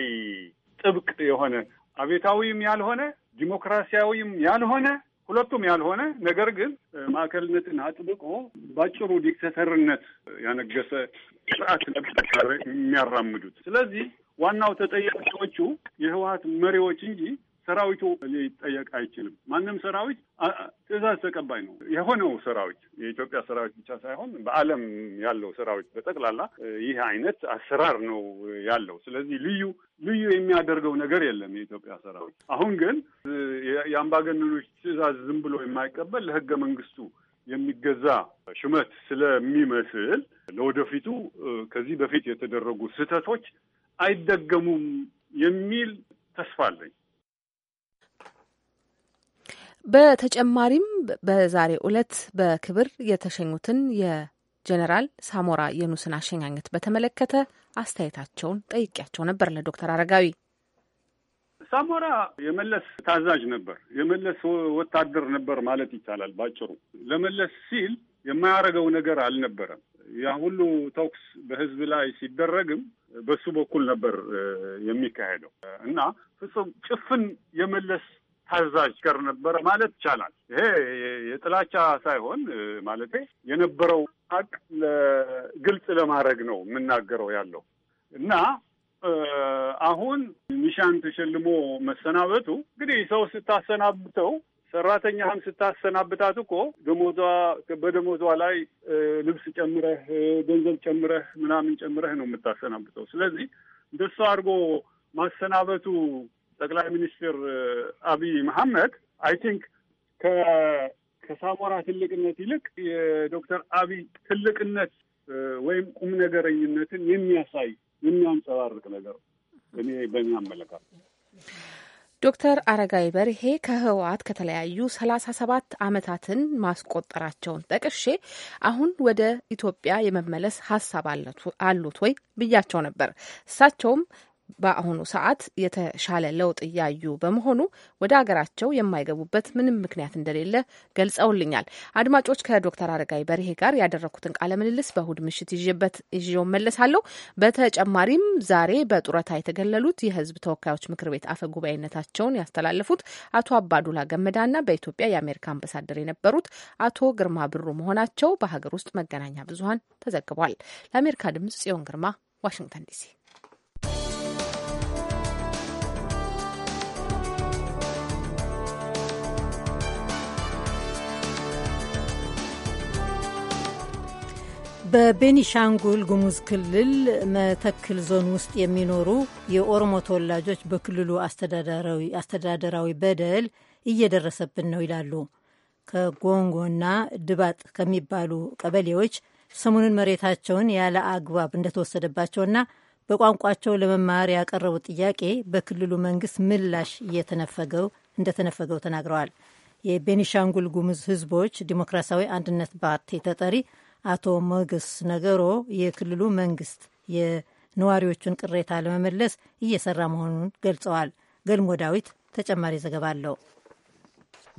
[SPEAKER 4] ጥብቅ የሆነ አቤታዊም ያልሆነ ዲሞክራሲያዊም ያልሆነ ሁለቱም ያልሆነ ነገር ግን ማዕከልነትን አጥብቆ ባጭሩ ዲክተተርነት ያነገሰ ስርዓት ነበር የሚያራምዱት። ስለዚህ ዋናው ተጠያቂዎቹ የህወሀት መሪዎች እንጂ ሰራዊቱ ሊጠየቅ አይችልም። ማንም ሰራዊት ትዕዛዝ ተቀባይ ነው የሆነው ሰራዊት የኢትዮጵያ ሰራዊት ብቻ ሳይሆን በዓለም ያለው ሰራዊት በጠቅላላ ይህ አይነት አሰራር ነው ያለው። ስለዚህ ልዩ ልዩ የሚያደርገው ነገር የለም የኢትዮጵያ ሰራዊት። አሁን ግን የአምባገነኖች ትዕዛዝ ዝም ብሎ የማይቀበል ለህገ መንግስቱ የሚገዛ ሹመት ስለሚመስል ለወደፊቱ ከዚህ በፊት የተደረጉ ስህተቶች አይደገሙም የሚል ተስፋ አለኝ።
[SPEAKER 11] በተጨማሪም በዛሬ ዕለት በክብር የተሸኙትን የጀኔራል ሳሞራ የኑስን አሸኛኘት በተመለከተ አስተያየታቸውን ጠይቂያቸው ነበር ለዶክተር አረጋዊ።
[SPEAKER 12] ሳሞራ
[SPEAKER 4] የመለስ ታዛዥ ነበር፣ የመለስ ወታደር ነበር ማለት ይቻላል ባጭሩ። ለመለስ ሲል የማያደርገው ነገር አልነበረም። ያ ሁሉ ተኩስ በህዝብ ላይ ሲደረግም በሱ በኩል ነበር የሚካሄደው እና ፍጹም ጭፍን የመለስ ታዛዥ ጋር ነበረ ማለት ይቻላል። ይሄ የጥላቻ ሳይሆን ማለቴ የነበረው ሀቅ ግልጽ ለማድረግ ነው የምናገረው ያለው እና አሁን ኒሻን ተሸልሞ መሰናበቱ እንግዲህ ሰው ስታሰናብተው ሰራተኛህም ስታሰናብታት እኮ ደሞዟ በደሞዟ ላይ ልብስ ጨምረህ ገንዘብ ጨምረህ ምናምን ጨምረህ ነው የምታሰናብተው። ስለዚህ እንደሱ አድርጎ ማሰናበቱ ጠቅላይ ሚኒስትር አብይ መሐመድ አይ ቲንክ ከሳሞራ ትልቅነት ይልቅ የዶክተር አብይ ትልቅነት ወይም ቁም ነገረኝነትን የሚያሳይ የሚያንጸባርቅ ነገር እኔ በእኛ አመለካት
[SPEAKER 11] ዶክተር አረጋይ በርሄ ከህወሓት ከተለያዩ ሰላሳ ሰባት አመታትን ማስቆጠራቸውን ጠቅሼ አሁን ወደ ኢትዮጵያ የመመለስ ሀሳብ አሉት ወይ ብያቸው ነበር። እሳቸውም በአሁኑ ሰዓት የተሻለ ለውጥ እያዩ በመሆኑ ወደ ሀገራቸው የማይገቡበት ምንም ምክንያት እንደሌለ ገልጸውልኛል። አድማጮች ከዶክተር አረጋይ በርሄ ጋር ያደረኩትን ቃለ ምልልስ በእሁድ ምሽት ይዤበት ይዤው መለሳለሁ። በተጨማሪም ዛሬ በጡረታ የተገለሉት የህዝብ ተወካዮች ምክር ቤት አፈ ጉባኤነታቸውን ያስተላለፉት አቶ አባዱላ ገመዳና በኢትዮጵያ የአሜሪካ አምባሳደር የነበሩት አቶ ግርማ ብሩ መሆናቸው በሀገር ውስጥ መገናኛ ብዙሀን ተዘግቧል። ለአሜሪካ ድምጽ ጽዮን ግርማ ዋሽንግተን ዲሲ
[SPEAKER 2] በቤኒሻንጉል ጉሙዝ ክልል መተክል ዞን ውስጥ የሚኖሩ የኦሮሞ ተወላጆች በክልሉ አስተዳደራዊ በደል እየደረሰብን ነው ይላሉ። ከጎንጎና ድባጥ ከሚባሉ ቀበሌዎች ሰሞኑን መሬታቸውን ያለ አግባብ እንደተወሰደባቸውና በቋንቋቸው ለመማር ያቀረቡት ጥያቄ በክልሉ መንግስት ምላሽ እየተነፈገው እንደተነፈገው ተናግረዋል። የቤኒሻንጉል ጉሙዝ ህዝቦች ዲሞክራሲያዊ አንድነት ፓርቲ ተጠሪ አቶ ሞገስ ነገሮ የክልሉ መንግስት የነዋሪዎቹን ቅሬታ ለመመለስ እየሰራ መሆኑን ገልጸዋል። ገልሞ ዳዊት ተጨማሪ ዘገባ አለው።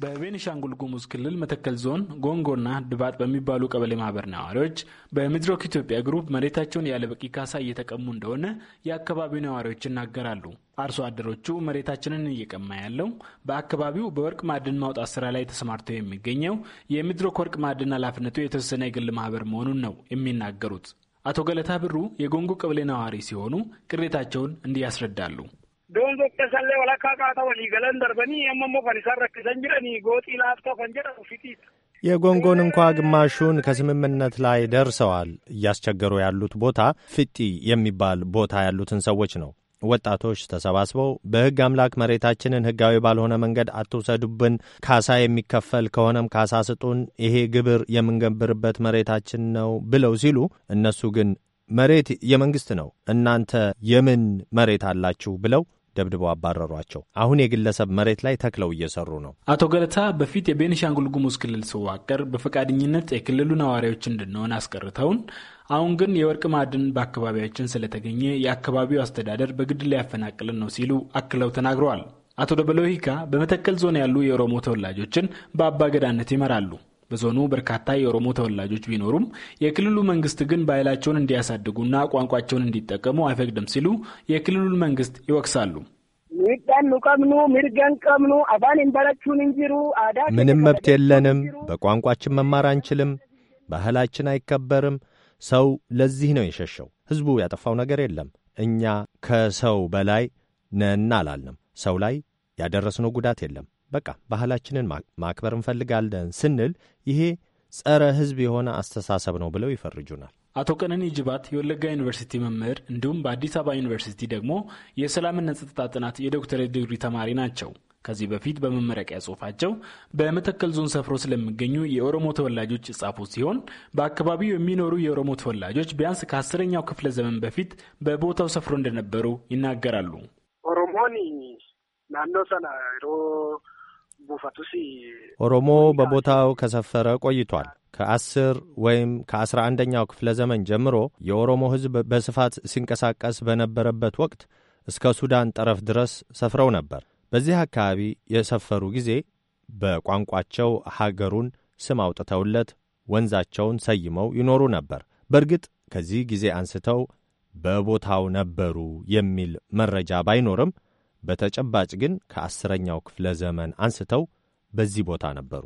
[SPEAKER 13] በቤኒሻንጉል ጉሙዝ ክልል መተከል ዞን ጎንጎና ድባጥ በሚባሉ ቀበሌ ማህበር ነዋሪዎች በሚድሮክ ኢትዮጵያ ግሩፕ መሬታቸውን ያለ በቂ ካሳ እየተቀሙ እንደሆነ የአካባቢው ነዋሪዎች ይናገራሉ። አርሶ አደሮቹ መሬታችንን እየቀማ ያለው በአካባቢው በወርቅ ማዕድን ማውጣት ስራ ላይ ተሰማርተው የሚገኘው የሚድሮክ ወርቅ ማዕድን ኃላፊነቱ የተወሰነ የግል ማህበር መሆኑን ነው የሚናገሩት። አቶ ገለታ ብሩ የጎንጎ ቀበሌ ነዋሪ ሲሆኑ ቅሬታቸውን እንዲህ ያስረዳሉ።
[SPEAKER 12] Doongokkee sallee walakkaa walii galan darbanii amma immoo kan isaan rakkisan jiranii gootii laaftoo kan jedhamu fitiidha.
[SPEAKER 7] የጎንጎን እንኳ ግማሹን ከስምምነት ላይ ደርሰዋል። እያስቸገሩ ያሉት ቦታ ፍጢ የሚባል ቦታ ያሉትን ሰዎች ነው። ወጣቶች ተሰባስበው በሕግ አምላክ መሬታችንን ሕጋዊ ባልሆነ መንገድ አትውሰዱብን፣ ካሳ የሚከፈል ከሆነም ካሳ ስጡን፣ ይሄ ግብር የምንገብርበት መሬታችን ነው ብለው ሲሉ እነሱ ግን መሬት የመንግሥት ነው እናንተ የምን መሬት አላችሁ ብለው ደብድበው አባረሯቸው። አሁን የግለሰብ መሬት ላይ ተክለው እየሰሩ ነው።
[SPEAKER 13] አቶ ገለታ በፊት የቤኒሻንጉል ጉሙዝ ክልል ሲዋቀር በፈቃደኝነት የክልሉ ነዋሪዎች እንድንሆን አስቀርተውን፣ አሁን ግን የወርቅ ማዕድን በአካባቢያችን ስለተገኘ የአካባቢው አስተዳደር በግድ ሊያፈናቅልን ነው ሲሉ አክለው ተናግረዋል። አቶ ደበሎ ሂካ በመተከል ዞን ያሉ የኦሮሞ ተወላጆችን በአባገዳነት ይመራሉ። በዞኑ በርካታ የኦሮሞ ተወላጆች ቢኖሩም የክልሉ መንግስት ግን ባህላቸውን እንዲያሳድጉና ቋንቋቸውን እንዲጠቀሙ አይፈቅድም ሲሉ የክልሉን መንግስት ይወቅሳሉ።
[SPEAKER 12] ምንም መብት
[SPEAKER 7] የለንም፣ በቋንቋችን መማር አንችልም፣ ባህላችን አይከበርም። ሰው ለዚህ ነው የሸሸው። ሕዝቡ ያጠፋው ነገር የለም። እኛ ከሰው በላይ ነን አላልንም። ሰው ላይ ያደረስነው ጉዳት የለም። በቃ ባህላችንን ማክበር እንፈልጋለን ስንል ይሄ ጸረ ህዝብ የሆነ አስተሳሰብ ነው ብለው ይፈርጁናል።
[SPEAKER 13] አቶ ቀነኒ ጅባት የወለጋ ዩኒቨርሲቲ መምህር እንዲሁም በአዲስ አበባ ዩኒቨርሲቲ ደግሞ የሰላምና ጸጥታ ጥናት የዶክተሬት ዲግሪ ተማሪ ናቸው። ከዚህ በፊት በመመረቂያ ጽሁፋቸው በመተከል ዞን ሰፍሮ ስለሚገኙ የኦሮሞ ተወላጆች የጻፉ ሲሆን በአካባቢው የሚኖሩ የኦሮሞ ተወላጆች ቢያንስ ከአስረኛው ክፍለ ዘመን በፊት በቦታው ሰፍሮ እንደነበሩ ይናገራሉ።
[SPEAKER 12] ኦሮሞኒ ናኖ ሰና
[SPEAKER 7] ቡፈቱስ ኦሮሞ በቦታው ከሰፈረ ቆይቷል። ከአስር ወይም ከአስራ አንደኛው ክፍለ ዘመን ጀምሮ የኦሮሞ ሕዝብ በስፋት ሲንቀሳቀስ በነበረበት ወቅት እስከ ሱዳን ጠረፍ ድረስ ሰፍረው ነበር። በዚህ አካባቢ የሰፈሩ ጊዜ በቋንቋቸው ሀገሩን ስም አውጥተውለት ወንዛቸውን ሰይመው ይኖሩ ነበር። በእርግጥ ከዚህ ጊዜ አንስተው በቦታው ነበሩ የሚል መረጃ ባይኖርም በተጨባጭ ግን ከአስረኛው ክፍለ ዘመን አንስተው በዚህ ቦታ ነበሩ።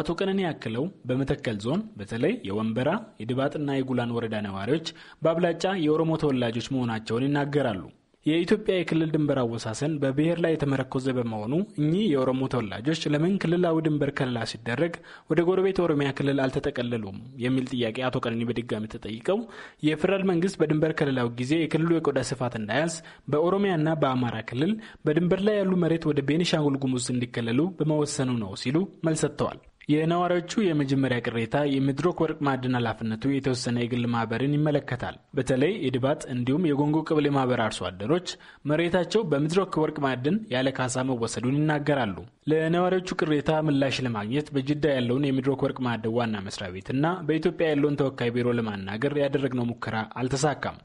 [SPEAKER 13] አቶ ቀነኔ ያክለው በመተከል ዞን በተለይ የወንበራ የድባጥና የጉላን ወረዳ ነዋሪዎች በአብላጫ የኦሮሞ ተወላጆች መሆናቸውን ይናገራሉ። የኢትዮጵያ የክልል ድንበር አወሳሰን በብሔር ላይ የተመረኮዘ በመሆኑ እኚህ የኦሮሞ ተወላጆች ለምን ክልላዊ ድንበር ከለላ ሲደረግ ወደ ጎረቤት ኦሮሚያ ክልል አልተጠቀለሉም የሚል ጥያቄ አቶ ቀነኒ በድጋሚ ተጠይቀው የፌደራል መንግስት በድንበር ከለላው ጊዜ የክልሉ የቆዳ ስፋት እንዳያዝ በኦሮሚያና በአማራ ክልል በድንበር ላይ ያሉ መሬት ወደ ቤኒሻንጉል ጉሙዝ እንዲከለሉ በመወሰኑ ነው ሲሉ መልስ ሰጥተዋል። የነዋሪዎቹ የመጀመሪያ ቅሬታ የምድሮክ ወርቅ ማዕድን ኃላፊነቱ የተወሰነ የግል ማህበርን ይመለከታል። በተለይ የድባት እንዲሁም የጎንጎ ቅብሌ ማህበር አርሶ አደሮች መሬታቸው በምድሮክ ወርቅ ማዕድን ያለ ካሳ መወሰዱን ይናገራሉ። ለነዋሪዎቹ ቅሬታ ምላሽ ለማግኘት በጅዳ ያለውን የምድሮክ ወርቅ ማዕድን ዋና መስሪያ ቤት እና በኢትዮጵያ ያለውን ተወካይ ቢሮ ለማናገር ያደረግነው ሙከራ አልተሳካም።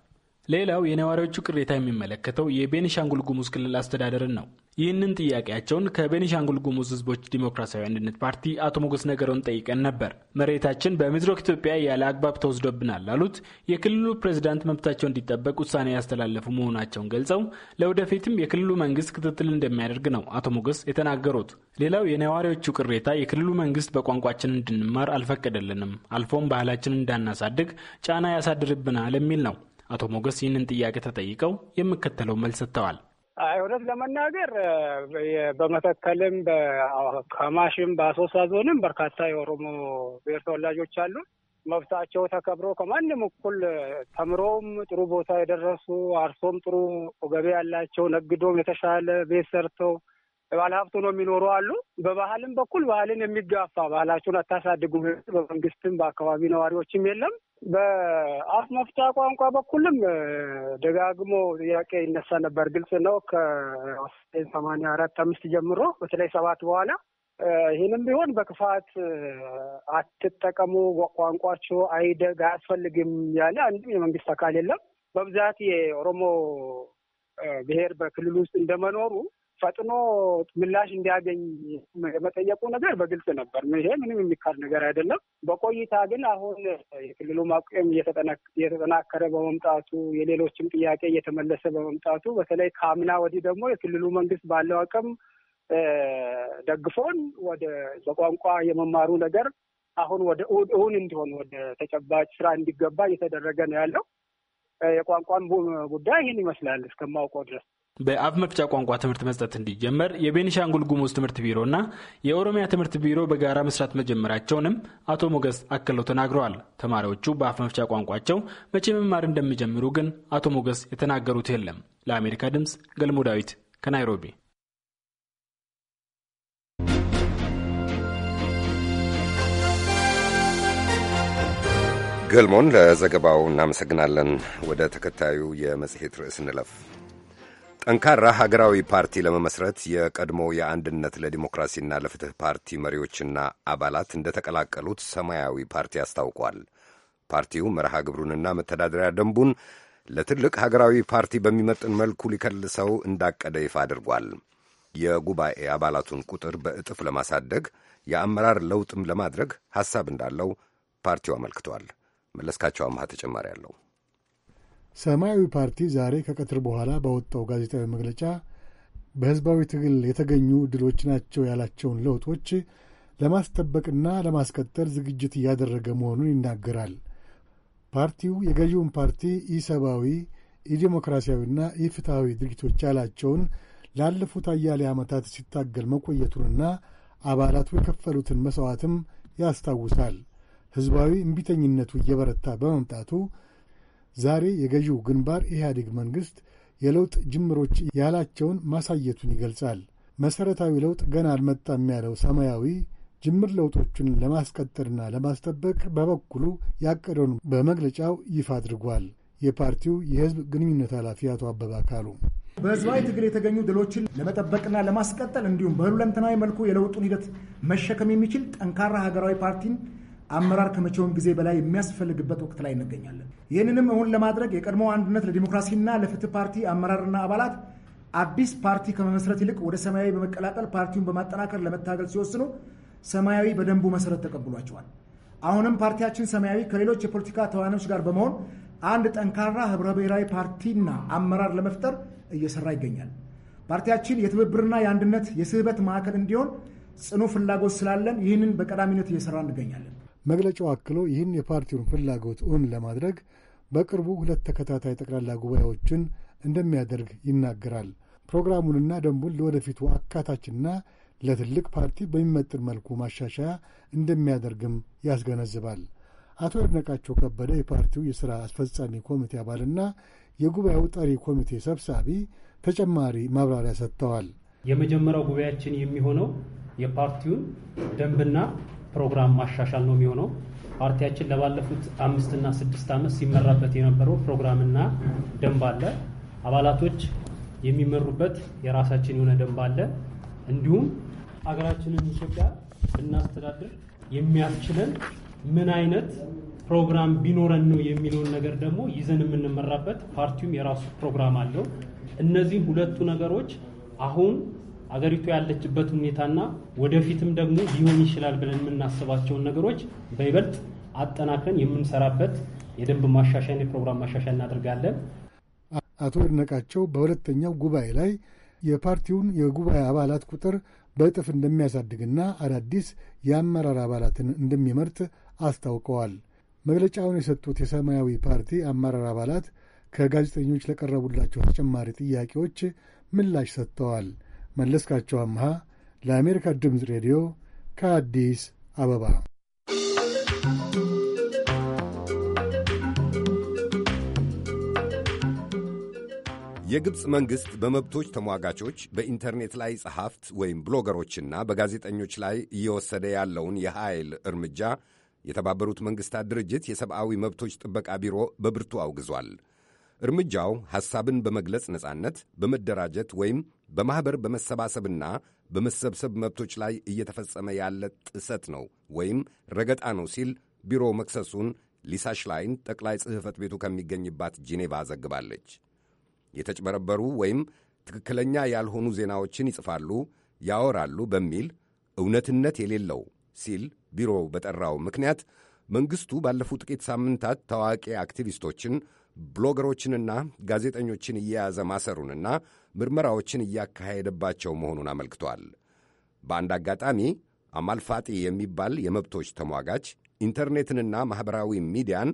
[SPEAKER 13] ሌላው የነዋሪዎቹ ቅሬታ የሚመለከተው የቤኒሻንጉል ጉሙዝ ክልል አስተዳደርን ነው። ይህንን ጥያቄያቸውን ከቤኒሻንጉል ጉሙዝ ህዝቦች ዲሞክራሲያዊ አንድነት ፓርቲ አቶ ሞገስ ነገረውን ጠይቀን ነበር። መሬታችን በምስራቅ ኢትዮጵያ ያለ አግባብ ተወስዶብናል ላሉት የክልሉ ፕሬዚዳንት መብታቸው እንዲጠበቅ ውሳኔ ያስተላለፉ መሆናቸውን ገልጸው ለወደፊትም የክልሉ መንግስት ክትትል እንደሚያደርግ ነው አቶ ሞገስ የተናገሩት። ሌላው የነዋሪዎቹ ቅሬታ የክልሉ መንግስት በቋንቋችን እንድንማር አልፈቀደልንም፣ አልፎም ባህላችን እንዳናሳድግ ጫና ያሳድርብናል የሚል ነው። አቶ ሞገስ ይህንን ጥያቄ ተጠይቀው የሚከተለው መልስ ሰጥተዋል።
[SPEAKER 12] እውነት ለመናገር በመተከልም በከማሽም በአሶሳ ዞንም በርካታ የኦሮሞ ብሔር ተወላጆች አሉ። መብታቸው ተከብሮ ከማንም እኩል ተምሮም ጥሩ ቦታ የደረሱ አርሶም ጥሩ ገቢ ያላቸው ነግዶም የተሻለ ቤት ሰርተው ባለ ሀብቱ ነው የሚኖሩ አሉ። በባህልም በኩል ባህልን የሚጋፋ ባህላችሁን አታሳድጉ በመንግስትም በአካባቢ ነዋሪዎችም የለም። በአፍ መፍቻ ቋንቋ በኩልም ደጋግሞ ጥያቄ ይነሳ ነበር። ግልጽ ነው። ከወስጤን ሰማንያ አራት አምስት ጀምሮ በተለይ ሰባት በኋላ ይህንም ቢሆን በክፋት አትጠቀሙ፣ ቋንቋችሁ አይደግ አያስፈልግም ያለ አንድም የመንግስት አካል የለም። በብዛት የኦሮሞ ብሔር በክልል ውስጥ እንደመኖሩ ፈጥኖ ምላሽ እንዲያገኝ የመጠየቁ ነገር በግልጽ ነበር። ይሄ ምንም የሚካድ ነገር አይደለም። በቆይታ ግን አሁን የክልሉ ማቆም እየተጠናከረ በመምጣቱ የሌሎችም ጥያቄ እየተመለሰ በመምጣቱ በተለይ ከአምና ወዲህ ደግሞ የክልሉ መንግስት ባለው አቅም ደግፎን ወደ በቋንቋ የመማሩ ነገር አሁን ወደ እውን እንዲሆን ወደ ተጨባጭ ስራ እንዲገባ እየተደረገ ነው ያለው። የቋንቋን ጉዳይ ይህን ይመስላል እስከማውቀው ድረስ።
[SPEAKER 13] በአፍ መፍጫ ቋንቋ ትምህርት መስጠት እንዲጀመር የቤኒሻንጉል ጉሙዝ ትምህርት ቢሮና የኦሮሚያ ትምህርት ቢሮ በጋራ መስራት መጀመራቸውንም አቶ ሞገስ አክለው ተናግረዋል። ተማሪዎቹ በአፍ መፍጫ ቋንቋቸው መቼ መማር እንደሚጀምሩ ግን አቶ ሞገስ የተናገሩት የለም። ለአሜሪካ ድምፅ ገልሞ ዳዊት ከናይሮቢ
[SPEAKER 1] ገልሞን ለዘገባው እናመሰግናለን። ወደ ተከታዩ የመጽሔት ርዕስ እንለፍ። ጠንካራ ሀገራዊ ፓርቲ ለመመስረት የቀድሞ የአንድነት ለዲሞክራሲና ለፍትህ ፓርቲ መሪዎችና አባላት እንደተቀላቀሉት ሰማያዊ ፓርቲ አስታውቋል። ፓርቲው መርሃ ግብሩንና መተዳደሪያ ደንቡን ለትልቅ ሀገራዊ ፓርቲ በሚመጥን መልኩ ሊከልሰው እንዳቀደ ይፋ አድርጓል። የጉባኤ አባላቱን ቁጥር በእጥፍ ለማሳደግ የአመራር ለውጥም ለማድረግ ሐሳብ እንዳለው ፓርቲው አመልክቷል። መለስካቸው አምሃ ተጨማሪ አለው።
[SPEAKER 14] ሰማያዊ ፓርቲ ዛሬ ከቀትር በኋላ ባወጣው ጋዜጣዊ መግለጫ በሕዝባዊ ትግል የተገኙ ድሎች ናቸው ያላቸውን ለውጦች ለማስጠበቅና ለማስቀጠል ዝግጅት እያደረገ መሆኑን ይናገራል። ፓርቲው የገዢውን ፓርቲ ኢሰብአዊ፣ ኢዴሞክራሲያዊና ኢፍትሐዊ ድርጊቶች ያላቸውን ላለፉት አያሌ ዓመታት ሲታገል መቆየቱንና አባላቱ የከፈሉትን መሥዋዕትም ያስታውሳል። ሕዝባዊ እምቢተኝነቱ እየበረታ በመምጣቱ ዛሬ የገዢው ግንባር ኢህአዴግ መንግሥት የለውጥ ጅምሮች ያላቸውን ማሳየቱን ይገልጻል። መሠረታዊ ለውጥ ገና አልመጣም ያለው ሰማያዊ ጅምር ለውጦቹን ለማስቀጠልና ለማስጠበቅ በበኩሉ ያቀደውን በመግለጫው ይፋ አድርጓል። የፓርቲው የህዝብ ግንኙነት ኃላፊ አቶ አበባ ካሉ በህዝባዊ ትግል የተገኙ ድሎችን ለመጠበቅና ለማስቀጠል እንዲሁም በሁለንተናዊ መልኩ የለውጡን ሂደት መሸከም የሚችል ጠንካራ ሀገራዊ ፓርቲን አመራር ከመቼውም ጊዜ በላይ የሚያስፈልግበት ወቅት ላይ እንገኛለን። ይህንንም እውን ለማድረግ የቀድሞ አንድነት ለዲሞክራሲና ለፍትህ ፓርቲ አመራርና አባላት አዲስ ፓርቲ ከመመስረት ይልቅ ወደ ሰማያዊ በመቀላቀል ፓርቲውን በማጠናከር ለመታገል ሲወስኑ ሰማያዊ በደንቡ መሰረት ተቀብሏቸዋል። አሁንም ፓርቲያችን ሰማያዊ ከሌሎች የፖለቲካ ተዋናዮች ጋር በመሆን አንድ ጠንካራ ህብረ ብሔራዊ ፓርቲና አመራር ለመፍጠር እየሰራ ይገኛል። ፓርቲያችን የትብብርና የአንድነት የስህበት ማዕከል እንዲሆን ጽኑ ፍላጎት ስላለን ይህንን በቀዳሚነት እየሰራ እንገኛለን። መግለጫው አክሎ ይህን የፓርቲውን ፍላጎት እውን ለማድረግ በቅርቡ ሁለት ተከታታይ ጠቅላላ ጉባኤዎችን እንደሚያደርግ ይናገራል። ፕሮግራሙንና ደንቡን ለወደፊቱ አካታችና ለትልቅ ፓርቲ በሚመጥን መልኩ ማሻሻያ እንደሚያደርግም ያስገነዝባል። አቶ ይድነቃቸው ከበደ የፓርቲው የሥራ አስፈጻሚ ኮሚቴ አባልና የጉባኤው ጠሪ ኮሚቴ ሰብሳቢ ተጨማሪ ማብራሪያ ሰጥተዋል። የመጀመሪያው ጉባኤያችን
[SPEAKER 13] የሚሆነው የፓርቲውን ደንብና ፕሮግራም ማሻሻል ነው የሚሆነው። ፓርቲያችን ለባለፉት አምስትና ስድስት ዓመት ሲመራበት የነበረው ፕሮግራምና ደንብ አለ። አባላቶች የሚመሩበት የራሳችን የሆነ ደንብ አለ። እንዲሁም ሀገራችንን ኢትዮጵያ ብናስተዳድር የሚያስችለን ምን አይነት ፕሮግራም ቢኖረን ነው የሚለውን ነገር ደግሞ ይዘን የምንመራበት ፓርቲውም የራሱ ፕሮግራም አለው። እነዚህ ሁለቱ ነገሮች አሁን አገሪቱ ያለችበት ሁኔታና ወደፊትም ደግሞ ሊሆን ይችላል ብለን የምናስባቸውን ነገሮች በይበልጥ አጠናክረን የምንሰራበት የደንብ ማሻሻያን የፕሮግራም ማሻሻያ እናደርጋለን።
[SPEAKER 14] አቶ ይድነቃቸው በሁለተኛው ጉባኤ ላይ የፓርቲውን የጉባኤ አባላት ቁጥር በእጥፍ እንደሚያሳድግና አዳዲስ የአመራር አባላትን እንደሚመርጥ አስታውቀዋል። መግለጫውን የሰጡት የሰማያዊ ፓርቲ አመራር አባላት ከጋዜጠኞች ለቀረቡላቸው ተጨማሪ ጥያቄዎች ምላሽ ሰጥተዋል። መለስካቸው አምሃ ለአሜሪካ ድምፅ ሬዲዮ ከአዲስ አበባ
[SPEAKER 1] የግብፅ መንግሥት በመብቶች ተሟጋቾች በኢንተርኔት ላይ ጸሐፍት ወይም ብሎገሮችና በጋዜጠኞች ላይ እየወሰደ ያለውን የኃይል እርምጃ የተባበሩት መንግሥታት ድርጅት የሰብዓዊ መብቶች ጥበቃ ቢሮ በብርቱ አውግዟል። እርምጃው ሐሳብን በመግለጽ ነጻነት፣ በመደራጀት ወይም በማኅበር በመሰባሰብና በመሰብሰብ መብቶች ላይ እየተፈጸመ ያለ ጥሰት ነው ወይም ረገጣ ነው ሲል ቢሮ መክሰሱን ሊሳ ሽላይን ጠቅላይ ጽሕፈት ቤቱ ከሚገኝባት ጂኔቫ ዘግባለች። የተጭበረበሩ ወይም ትክክለኛ ያልሆኑ ዜናዎችን ይጽፋሉ፣ ያወራሉ በሚል እውነትነት የሌለው ሲል ቢሮው በጠራው ምክንያት መንግሥቱ ባለፉት ጥቂት ሳምንታት ታዋቂ አክቲቪስቶችን ብሎገሮችንና ጋዜጠኞችን እየያዘ ማሰሩንና ምርመራዎችን እያካሄደባቸው መሆኑን አመልክቷል። በአንድ አጋጣሚ አማልፋጢ የሚባል የመብቶች ተሟጋች ኢንተርኔትንና ማኅበራዊ ሚዲያን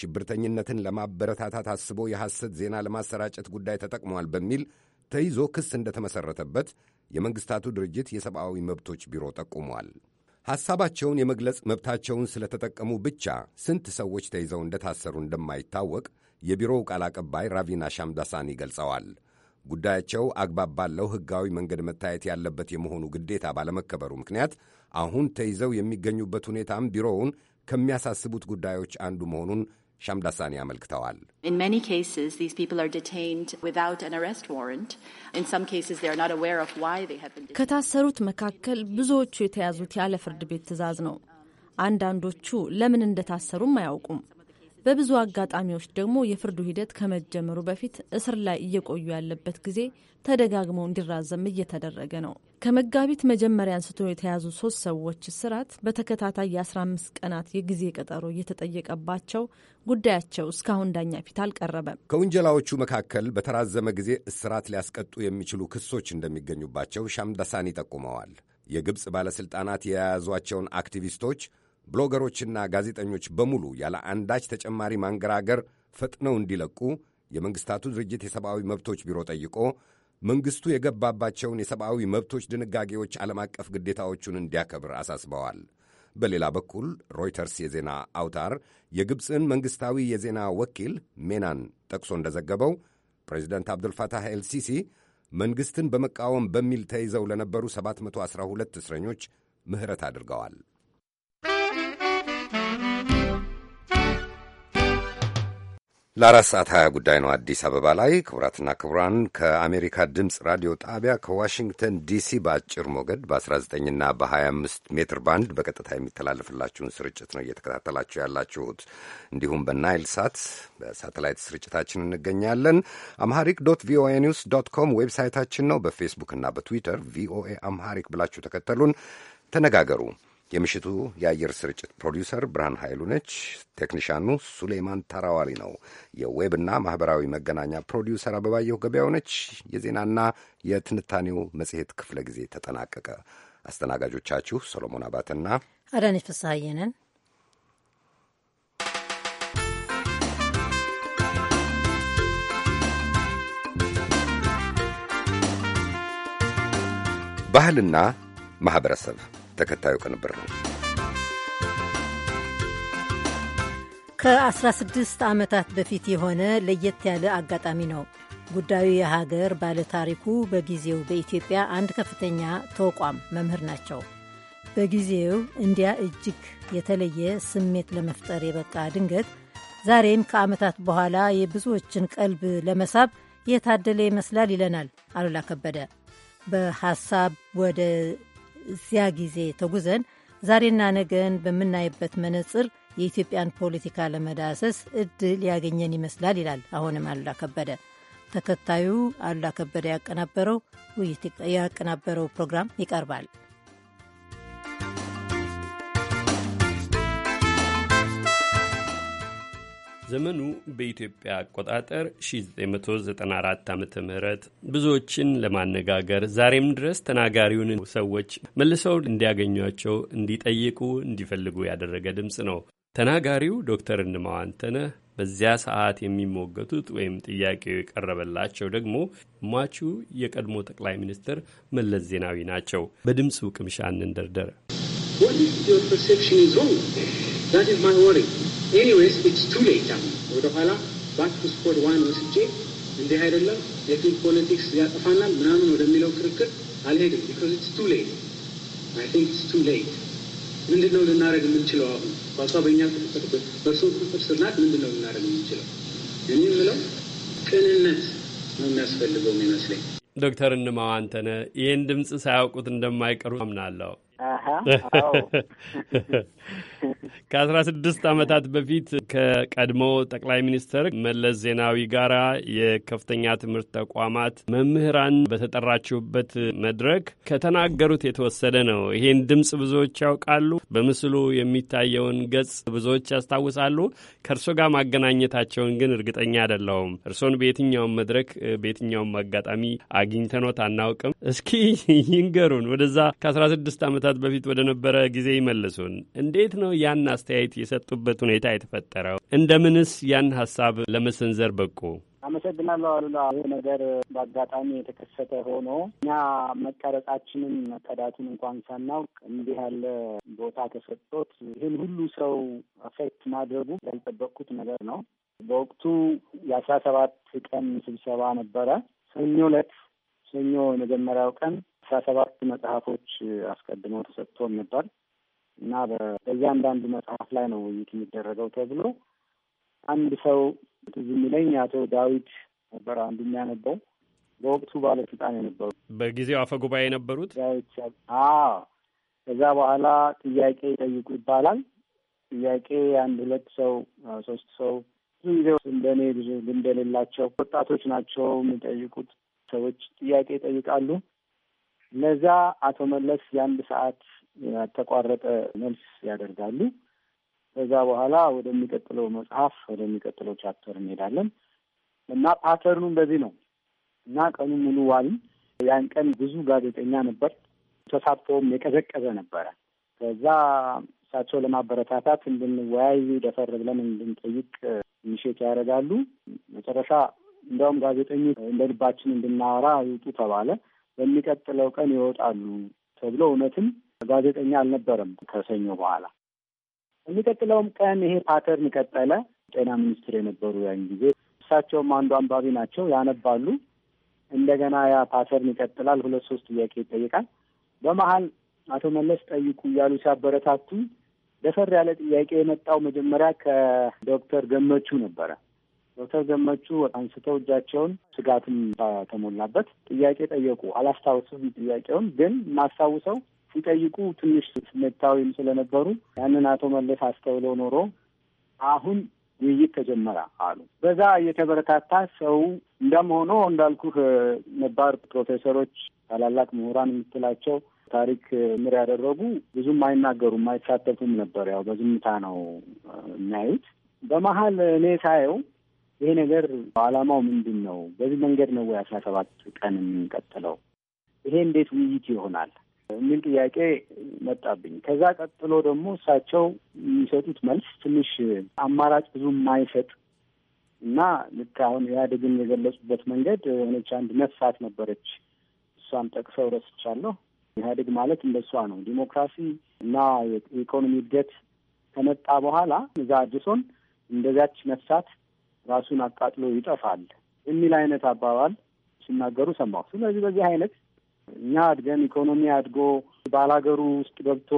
[SPEAKER 1] ሽብርተኝነትን ለማበረታታት አስቦ የሐሰት ዜና ለማሰራጨት ጉዳይ ተጠቅሟል በሚል ተይዞ ክስ እንደተመሠረተበት የመንግሥታቱ ድርጅት የሰብአዊ መብቶች ቢሮ ጠቁሟል። ሐሳባቸውን የመግለጽ መብታቸውን ስለተጠቀሙ ብቻ ስንት ሰዎች ተይዘው እንደታሰሩ እንደማይታወቅ የቢሮው ቃል አቀባይ ራቪና ሻምዳሳኒ ገልጸዋል። ጉዳያቸው አግባብ ባለው ሕጋዊ መንገድ መታየት ያለበት የመሆኑ ግዴታ ባለመከበሩ ምክንያት አሁን ተይዘው የሚገኙበት ሁኔታም ቢሮውን ከሚያሳስቡት ጉዳዮች አንዱ መሆኑን ሻምዳሳኒ አመልክተዋል።
[SPEAKER 11] ከታሰሩት
[SPEAKER 2] መካከል ብዙዎቹ የተያዙት ያለ ፍርድ ቤት ትዕዛዝ ነው። አንዳንዶቹ ለምን እንደታሰሩም አያውቁም። በብዙ አጋጣሚዎች ደግሞ የፍርዱ ሂደት ከመጀመሩ በፊት እስር ላይ እየቆዩ ያለበት ጊዜ ተደጋግሞ እንዲራዘም እየተደረገ ነው። ከመጋቢት መጀመሪያ አንስቶ የተያዙ ሶስት ሰዎች እስራት በተከታታይ የ አምስት ቀናት የጊዜ ቀጠሮ እየተጠየቀባቸው ጉዳያቸው እስካሁን ዳኛ ፊት አልቀረበም።
[SPEAKER 1] ከውንጀላዎቹ መካከል በተራዘመ ጊዜ እስራት ሊያስቀጡ የሚችሉ ክሶች እንደሚገኙባቸው ሻምዳሳኒ ጠቁመዋል። የግብፅ ባለሥልጣናት የያዟቸውን አክቲቪስቶች ብሎገሮችና ጋዜጠኞች በሙሉ ያለ አንዳች ተጨማሪ ማንገራገር ፈጥነው እንዲለቁ የመንግሥታቱ ድርጅት የሰብአዊ መብቶች ቢሮ ጠይቆ መንግሥቱ የገባባቸውን የሰብአዊ መብቶች ድንጋጌዎች ዓለም አቀፍ ግዴታዎቹን እንዲያከብር አሳስበዋል። በሌላ በኩል ሮይተርስ የዜና አውታር የግብፅን መንግሥታዊ የዜና ወኪል ሜናን ጠቅሶ እንደዘገበው ፕሬዚደንት አብዱልፋታህ ኤልሲሲ መንግሥትን በመቃወም በሚል ተይዘው ለነበሩ 712 እስረኞች ምህረት አድርገዋል። ለአራት ሰዓት 20 ጉዳይ ነው አዲስ አበባ ላይ። ክቡራትና ክቡራን ከአሜሪካ ድምፅ ራዲዮ ጣቢያ ከዋሽንግተን ዲሲ በአጭር ሞገድ በ19ና በ25 ሜትር ባንድ በቀጥታ የሚተላለፍላችሁን ስርጭት ነው እየተከታተላችሁ ያላችሁት። እንዲሁም በናይል ሳት በሳተላይት ስርጭታችን እንገኛለን። አምሃሪክ ዶት ቪኦኤ ኒውስ ዶት ኮም ዌብሳይታችን ነው። በፌስቡክ እና በትዊተር ቪኦኤ አምሃሪክ ብላችሁ ተከተሉን፣ ተነጋገሩ። የምሽቱ የአየር ስርጭት ፕሮዲውሰር ብርሃን ኃይሉ ነች። ቴክኒሻኑ ሱሌይማን ታራዋሊ ነው። የዌብና ማኅበራዊ መገናኛ ፕሮዲውሰር አበባየሁ ገበያው ነች። የዜናና የትንታኔው መጽሔት ክፍለ ጊዜ ተጠናቀቀ። አስተናጋጆቻችሁ ሰሎሞን አባተና
[SPEAKER 2] አዳነች ፍስሐዬ ነን።
[SPEAKER 1] ባህልና ማኅበረሰብ ተከታዩ ቅንብር ነው።
[SPEAKER 2] ከ16 ዓመታት በፊት የሆነ ለየት ያለ አጋጣሚ ነው። ጉዳዩ የሀገር ባለታሪኩ በጊዜው በኢትዮጵያ አንድ ከፍተኛ ተቋም መምህር ናቸው። በጊዜው እንዲያ እጅግ የተለየ ስሜት ለመፍጠር የበቃ ድንገት ዛሬም ከዓመታት በኋላ የብዙዎችን ቀልብ ለመሳብ የታደለ ይመስላል ይለናል አሉላ ከበደ። በሐሳብ ወደ እዚያ ጊዜ ተጉዘን ዛሬና ነገን በምናይበት መነጽር የኢትዮጵያን ፖለቲካ ለመዳሰስ እድል ያገኘን ይመስላል ይላል አሁንም አሉላ ከበደ። ተከታዩ አሉላ ከበደ ያቀናበረው ውይይት ያቀናበረው ፕሮግራም ይቀርባል።
[SPEAKER 6] ዘመኑ በኢትዮጵያ አቆጣጠር 1994 ዓ ም ብዙዎችን ለማነጋገር ዛሬም ድረስ ተናጋሪውን ሰዎች መልሰው እንዲያገኟቸው እንዲጠይቁ እንዲፈልጉ ያደረገ ድምፅ ነው። ተናጋሪው ዶክተር እንማው አንተነህ በዚያ ሰዓት የሚሞገቱት ወይም ጥያቄው የቀረበላቸው ደግሞ ሟቹ የቀድሞ ጠቅላይ ሚኒስትር መለስ ዜናዊ ናቸው። በድምፁ ቅምሻ እንንደርደር።
[SPEAKER 5] ኤኒዌይስ ኢትስ ቱ ሌት አሁን ወደኋላ ባክ ቱ ስፖርት ዋን ወስጄ እንዲህ አይደለም የፊልድ ፖለቲክስ ያጠፋናል ምናምን ወደሚለው ክርክር አልሄድም። ቢካዝ ኢትስ ቱ ሌት አይ ቲንክ ኢትስ ቱ ሌት። ምንድን ነው ልናደረግ የምንችለው አሁን ኳሷ በእኛ ቁጥጥር በእርሶ ቁጥጥር ስር ናት። ምንድን ነው ልናደረግ የምንችለው? እኔ የምለው ቅንነት ነው የሚያስፈልገው ይመስለኝ።
[SPEAKER 6] ዶክተር እንማዋንተነ ይህን ድምፅ ሳያውቁት እንደማይቀሩ አምናለሁ። [LAUGHS] ከአስራ ስድስት ዓመታት በፊት ከቀድሞ ጠቅላይ ሚኒስትር መለስ ዜናዊ ጋራ የከፍተኛ ትምህርት ተቋማት መምህራን በተጠራችሁበት መድረክ ከተናገሩት የተወሰደ ነው። ይሄን ድምፅ ብዙዎች ያውቃሉ። በምስሉ የሚታየውን ገጽ ብዙዎች ያስታውሳሉ። ከእርሶ ጋር ማገናኘታቸውን ግን እርግጠኛ አይደለሁም። እርሶን በየትኛውም መድረክ በየትኛውም አጋጣሚ አግኝተኖት አናውቅም። እስኪ ይንገሩን ወደዛ ከአስራ ስድስት ዓመታት ከሳምንታት በፊት ወደ ነበረ ጊዜ ይመልሱን። እንዴት ነው ያን አስተያየት የሰጡበት ሁኔታ የተፈጠረው? እንደምንስ ያን ሀሳብ ለመሰንዘር በቁ?
[SPEAKER 9] አመሰግናለሁ አሉላ። ይህ ነገር በአጋጣሚ የተከሰተ ሆኖ እኛ መቀረጻችንን መቀዳቱን እንኳን ሳናውቅ እንዲህ ያለ ቦታ ተሰጥቶት ይህን ሁሉ ሰው አፌክት ማድረጉ ያልጠበቅኩት ነገር ነው። በወቅቱ የአስራ ሰባት ቀን ስብሰባ ነበረ። ሰኞ ዕለት ሰኞ የመጀመሪያው ቀን አስራ ሰባት መጽሐፎች አስቀድመው ተሰጥቶ መጥቷል እና በእያንዳንዱ መጽሐፍ ላይ ነው ውይይት የሚደረገው ተብሎ አንድ ሰው ትዝ የሚለኝ አቶ ዳዊት ነበር አንዱ የሚያነበው በወቅቱ ባለስልጣን የነበሩ
[SPEAKER 6] በጊዜው አፈ ጉባኤ የነበሩት
[SPEAKER 9] ዳዊት። ከዛ በኋላ ጥያቄ ይጠይቁ ይባላል። ጥያቄ አንድ ሁለት ሰው ሶስት ሰው ብዙ ጊዜ እንደኔ ብዙ ልምድ ወጣቶች ናቸው የሚጠይቁት ሰዎች ጥያቄ ይጠይቃሉ። ለዛ አቶ መለስ የአንድ ሰዓት ያልተቋረጠ መልስ ያደርጋሉ። ከዛ በኋላ ወደሚቀጥለው መጽሐፍ ወደሚቀጥለው ቻፕተር እንሄዳለን እና ፓተርኑ እንደዚህ ነው እና ቀኑ ሙሉ ዋልን። ያን ቀን ብዙ ጋዜጠኛ ነበር፣ ተሳትፎም የቀዘቀዘ ነበረ። ከዛ እሳቸው ለማበረታታት እንድንወያዩ ደፈር ብለን እንድንጠይቅ ምሽት ያደርጋሉ። መጨረሻ እንዲያውም ጋዜጠኞች እንደ ልባችን እንድናወራ ይውጡ ተባለ። በሚቀጥለው ቀን ይወጣሉ ተብሎ እውነትም ጋዜጠኛ አልነበረም። ከሰኞ በኋላ በሚቀጥለውም ቀን ይሄ ፓተርን ቀጠለ። ጤና ሚኒስትር የነበሩ ያን ጊዜ እሳቸውም አንዱ አንባቢ ናቸው፣ ያነባሉ። እንደገና ያ ፓተርን ይቀጥላል። ሁለት ሶስት ጥያቄ ይጠይቃል። በመሀል አቶ መለስ ጠይቁ እያሉ ሲያበረታቱ ደፈር ያለ ጥያቄ የመጣው መጀመሪያ ከዶክተር ገመቹ ነበረ። ዶክተር ገመቹ አንስተው እጃቸውን ስጋትም ተሞላበት ጥያቄ ጠየቁ። አላስታውስም ጥያቄውን ግን ማስታውሰው ሲጠይቁ ትንሽ ስሜታዊም ስለነበሩ ያንን አቶ መለስ አስተውለው ኖሮ አሁን ውይይት ተጀመረ አሉ። በዛ እየተበረታታ ሰው እንደም ሆኖ እንዳልኩህ ነባር ፕሮፌሰሮች ታላላቅ ምሁራን የምትላቸው ታሪክ ምር ያደረጉ ብዙም አይናገሩም አይሳተፉም ነበር። ያው በዝምታ ነው የሚያዩት። በመሀል እኔ ሳየው ይሄ ነገር አላማው ምንድን ነው? በዚህ መንገድ ነው ወይ አስራ ሰባት ቀን የምንቀጥለው? ይሄ እንዴት ውይይት ይሆናል የሚል ጥያቄ መጣብኝ። ከዛ ቀጥሎ ደግሞ እሳቸው የሚሰጡት መልስ ትንሽ አማራጭ ብዙ የማይሰጥ እና ልክ አሁን ኢህአዴግን የገለጹበት መንገድ የሆነች አንድ ነፍሳት ነበረች። እሷን ጠቅሰው ረስቻለሁ። ኢህአዴግ ማለት እንደሷ ነው። ዲሞክራሲ እና የኢኮኖሚ እድገት ከመጣ በኋላ እዛ አድሶን እንደዚያች ነፍሳት ራሱን አቃጥሎ ይጠፋል የሚል አይነት አባባል ሲናገሩ ሰማሁ። ስለዚህ በዚህ አይነት እኛ አድገን ኢኮኖሚ አድጎ ባላገሩ ውስጥ ገብቶ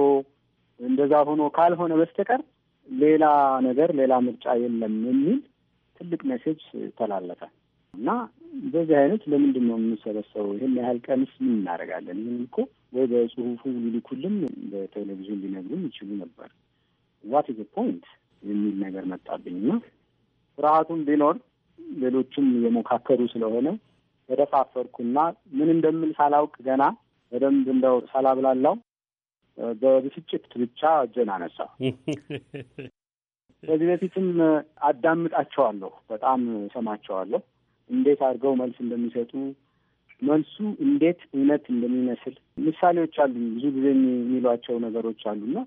[SPEAKER 9] እንደዛ ሆኖ ካልሆነ በስተቀር ሌላ ነገር ሌላ ምርጫ የለም የሚል ትልቅ ሜሴጅ ተላለፈ እና በዚህ አይነት ለምንድን ነው የምንሰበሰበው? ይህን ያህል ቀንስ ምን እናደርጋለን? ይህን እኮ ወይ በጽሁፉ ሊልኩልም በቴሌቪዥን ሊነግሩም ይችሉ ነበር። ዋት ኢዝ ፖይንት የሚል ነገር መጣብኝና ፍርሃቱም ቢኖር ሌሎቹም እየሞካከሩ ስለሆነ ተደፋፈርኩና ምን እንደምል ሳላውቅ ገና በደንብ እንደው ሳላብላላው በብስጭት ብቻ እጄን አነሳ። ከዚህ በፊትም አዳምጣቸዋለሁ፣ በጣም ሰማቸዋለሁ፣ እንዴት አድርገው መልስ እንደሚሰጡ መልሱ እንዴት እውነት እንደሚመስል ምሳሌዎች አሉኝ። ብዙ ጊዜ የሚሏቸው ነገሮች አሉና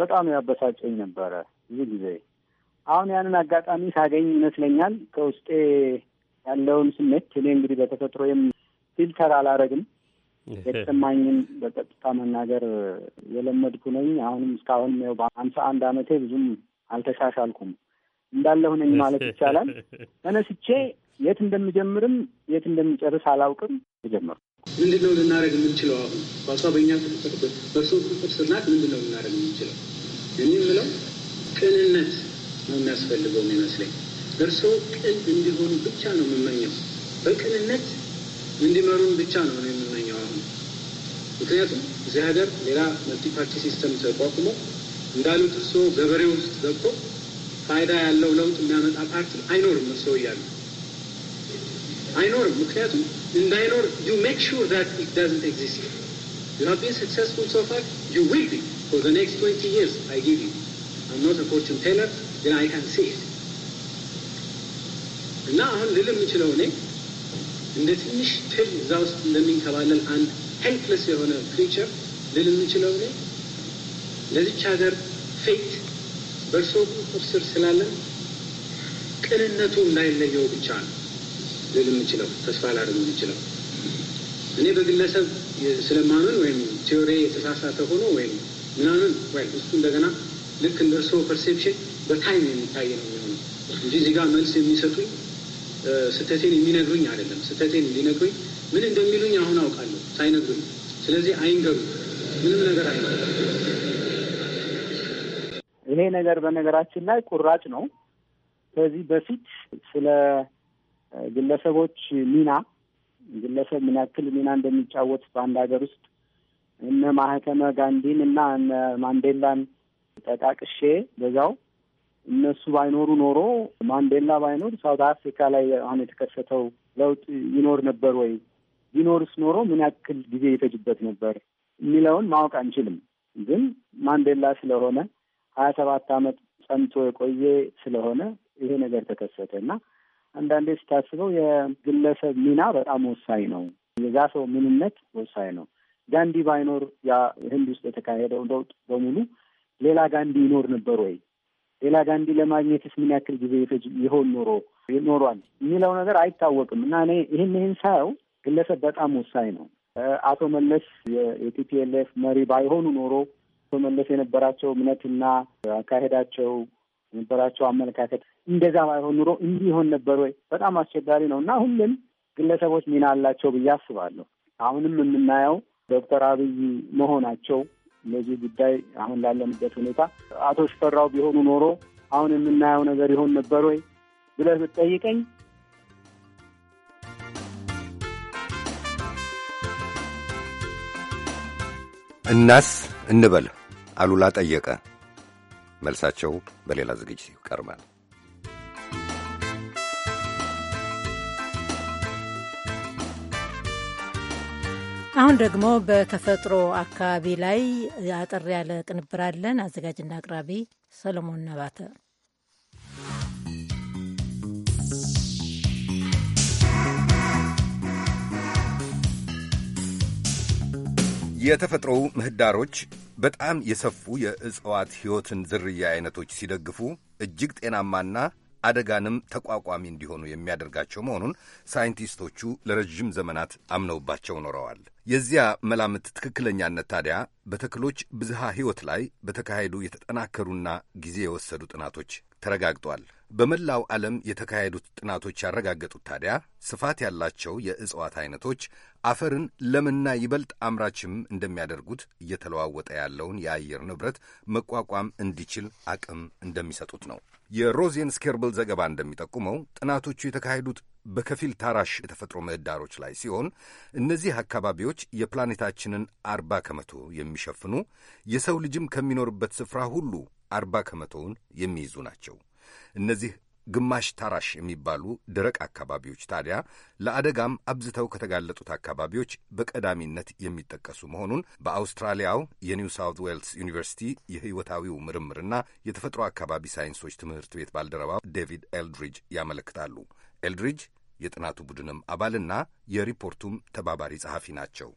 [SPEAKER 9] በጣም ያበሳጨኝ ነበረ ብዙ ጊዜ አሁን ያንን አጋጣሚ ሳገኝ ይመስለኛል ከውስጤ ያለውን ስሜት እኔ እንግዲህ በተፈጥሮ ወይም ፊልተር አላረግም
[SPEAKER 15] የተሰማኝን
[SPEAKER 9] በቀጥታ መናገር የለመድኩ ነኝ። አሁንም እስካሁን ው በአምሳ አንድ አመቴ ብዙም አልተሻሻልኩም እንዳለሁ ነኝ ማለት ይቻላል። ተነስቼ የት እንደምጀምርም የት እንደምጨርስ አላውቅም። ተጀምሩ
[SPEAKER 5] ምንድን ነው ልናደርግ የምንችለው? አሁን በሷ በእኛ ቁጥጥር በእርሶ ቁጥጥር ስር ናት። ምንድን ነው ልናደርግ የምንችለው? እኔ የምለው ቅንነት ነው የሚያስፈልገው የሚመስለኝ። እርስዎ ቅን እንዲሆኑ ብቻ ነው የምመኘው። በቅንነት እንዲመሩን ብቻ ነው ነው የምመኘው አሁን። ምክንያቱም እዚህ ሀገር ሌላ መልቲ ፓርቲ ሲስተም ተቋቁሞ እንዳሉት እርስዎ ገበሬ ውስጥ ገብቶ ፋይዳ ያለው ለውጥ የሚያመጣ ፓርቲ አይኖርም። እርስዎ እያሉ አይኖርም። ምክንያቱም እንዳይኖር ዩ ሜክ ሹር ዛት ኢት ዳዝንት ኤግዚስት ዩ ሃቭ ቢን ሰክሰስፉል ሶ ፋር ዩ ዊል ቢ ፎር ዘ ኔክስት ትዌንቲ ይርስ አይ ጊቭ ዩ አም ኖት ፎርቹን ቴለር ግን I can እና አሁን ልል የምችለው እኔ እንደ ትንሽ ትል እዛ ውስጥ እንደሚንከባለል አንድ ሄልፕለስ የሆነ ክሪቸር ልል የምችለው እኔ ለዚች ሀገር ፌት በእርሶ ቁጥር ስር ስላለን ቅንነቱ እንዳይለየው ብቻ ነው ልል የምችለው ተስፋ ላደርግ የምችለው እኔ በግለሰብ ስለማመን ወይም ቴዎሪ የተሳሳተ ሆኖ ወይም ምናምን እሱ እንደገና ልክ እንደ እርስዎ ፐርሴፕሽን በታይም የሚታይ ነው የሚሆነው እንጂ እዚህ ጋር መልስ የሚሰጡኝ ስህተቴን የሚነግሩኝ አይደለም። ስህተቴን ሊነግሩኝ ምን እንደሚሉኝ አሁን አውቃለሁ ሳይነግሩኝ። ስለዚህ አይንገሩ፣ ምንም ነገር አይነገሩ።
[SPEAKER 9] ይሄ ነገር በነገራችን ላይ ቁራጭ ነው። ከዚህ በፊት ስለ ግለሰቦች ሚና ግለሰብ ምን ያክል ሚና እንደሚጫወት በአንድ ሀገር ውስጥ እነ ማህተመ ጋንዲን እና እነ ማንዴላን ጠቃቅሼ በዛው እነሱ ባይኖሩ ኖሮ ማንዴላ ባይኖር ሳውት አፍሪካ ላይ አሁን የተከሰተው ለውጥ ይኖር ነበር ወይ? ቢኖርስ ኖሮ ምን ያክል ጊዜ ይፈጅበት ነበር የሚለውን ማወቅ አንችልም። ግን ማንዴላ ስለሆነ ሀያ ሰባት አመት ጸንቶ የቆየ ስለሆነ ይሄ ነገር ተከሰተ እና አንዳንዴ ስታስበው የግለሰብ ሚና በጣም ወሳኝ ነው። የዛ ሰው ምንነት ወሳኝ ነው። ጋንዲ ባይኖር ያ ህንድ ውስጥ የተካሄደው ለውጥ በሙሉ ሌላ ጋንዲ ይኖር ነበር ወይ ሌላ ጋንዲ ለማግኘትስ ምን ያክል ጊዜ ይፈጅ ይሆን ኖሮ ኖሯል የሚለው ነገር አይታወቅም እና እኔ ይህን ይህን ሳየው ግለሰብ በጣም ወሳኝ ነው። አቶ መለስ የቲፒኤልኤፍ መሪ ባይሆኑ ኖሮ አቶ መለስ የነበራቸው እምነትና አካሄዳቸው የነበራቸው አመለካከት እንደዛ ባይሆን ኑሮ እንዲህ ይሆን ነበር ወይ? በጣም አስቸጋሪ ነው እና ሁሉም ግለሰቦች ሚና አላቸው ብዬ አስባለሁ። አሁንም የምናየው ዶክተር አብይ መሆናቸው ለዚህ ጉዳይ አሁን ላለንበት ሁኔታ አቶ ሽፈራው ቢሆኑ ኖሮ አሁን የምናየው ነገር ይሆን ነበር ወይ ብለህ ብትጠይቀኝ
[SPEAKER 1] እናስ እንበል አሉላ ጠየቀ። መልሳቸው በሌላ ዝግጅት
[SPEAKER 2] ይቀርባል። አሁን ደግሞ በተፈጥሮ አካባቢ ላይ አጠር ያለ ቅንብር አለን። አዘጋጅና አቅራቢ ሰለሞን ነባተ።
[SPEAKER 1] የተፈጥሮው ምህዳሮች በጣም የሰፉ የእጽዋት ሕይወትን ዝርያ አይነቶች ሲደግፉ እጅግ ጤናማና አደጋንም ተቋቋሚ እንዲሆኑ የሚያደርጋቸው መሆኑን ሳይንቲስቶቹ ለረዥም ዘመናት አምነውባቸው ኖረዋል። የዚያ መላምት ትክክለኛነት ታዲያ በተክሎች ብዝሃ ሕይወት ላይ በተካሄዱ የተጠናከሩና ጊዜ የወሰዱ ጥናቶች ተረጋግጧል። በመላው ዓለም የተካሄዱት ጥናቶች ያረጋገጡት ታዲያ ስፋት ያላቸው የእጽዋት አይነቶች አፈርን ለምና ይበልጥ አምራችም እንደሚያደርጉት እየተለዋወጠ ያለውን የአየር ንብረት መቋቋም እንዲችል አቅም እንደሚሰጡት ነው። የሮዜን ስኬርብል ዘገባ እንደሚጠቁመው ጥናቶቹ የተካሄዱት በከፊል ታራሽ የተፈጥሮ ምህዳሮች ላይ ሲሆን እነዚህ አካባቢዎች የፕላኔታችንን አርባ ከመቶ የሚሸፍኑ የሰው ልጅም ከሚኖርበት ስፍራ ሁሉ አርባ ከመቶውን የሚይዙ ናቸው። እነዚህ ግማሽ ታራሽ የሚባሉ ደረቅ አካባቢዎች ታዲያ ለአደጋም አብዝተው ከተጋለጡት አካባቢዎች በቀዳሚነት የሚጠቀሱ መሆኑን በአውስትራሊያው የኒው ሳውት ዌልስ ዩኒቨርሲቲ የሕይወታዊው ምርምርና የተፈጥሮ አካባቢ ሳይንሶች ትምህርት ቤት ባልደረባ ዴቪድ ኤልድሪጅ ያመለክታሉ። ኤልድሪጅ የጥናቱ ቡድንም
[SPEAKER 15] አባልና የሪፖርቱም ተባባሪ ጸሐፊ ናቸው።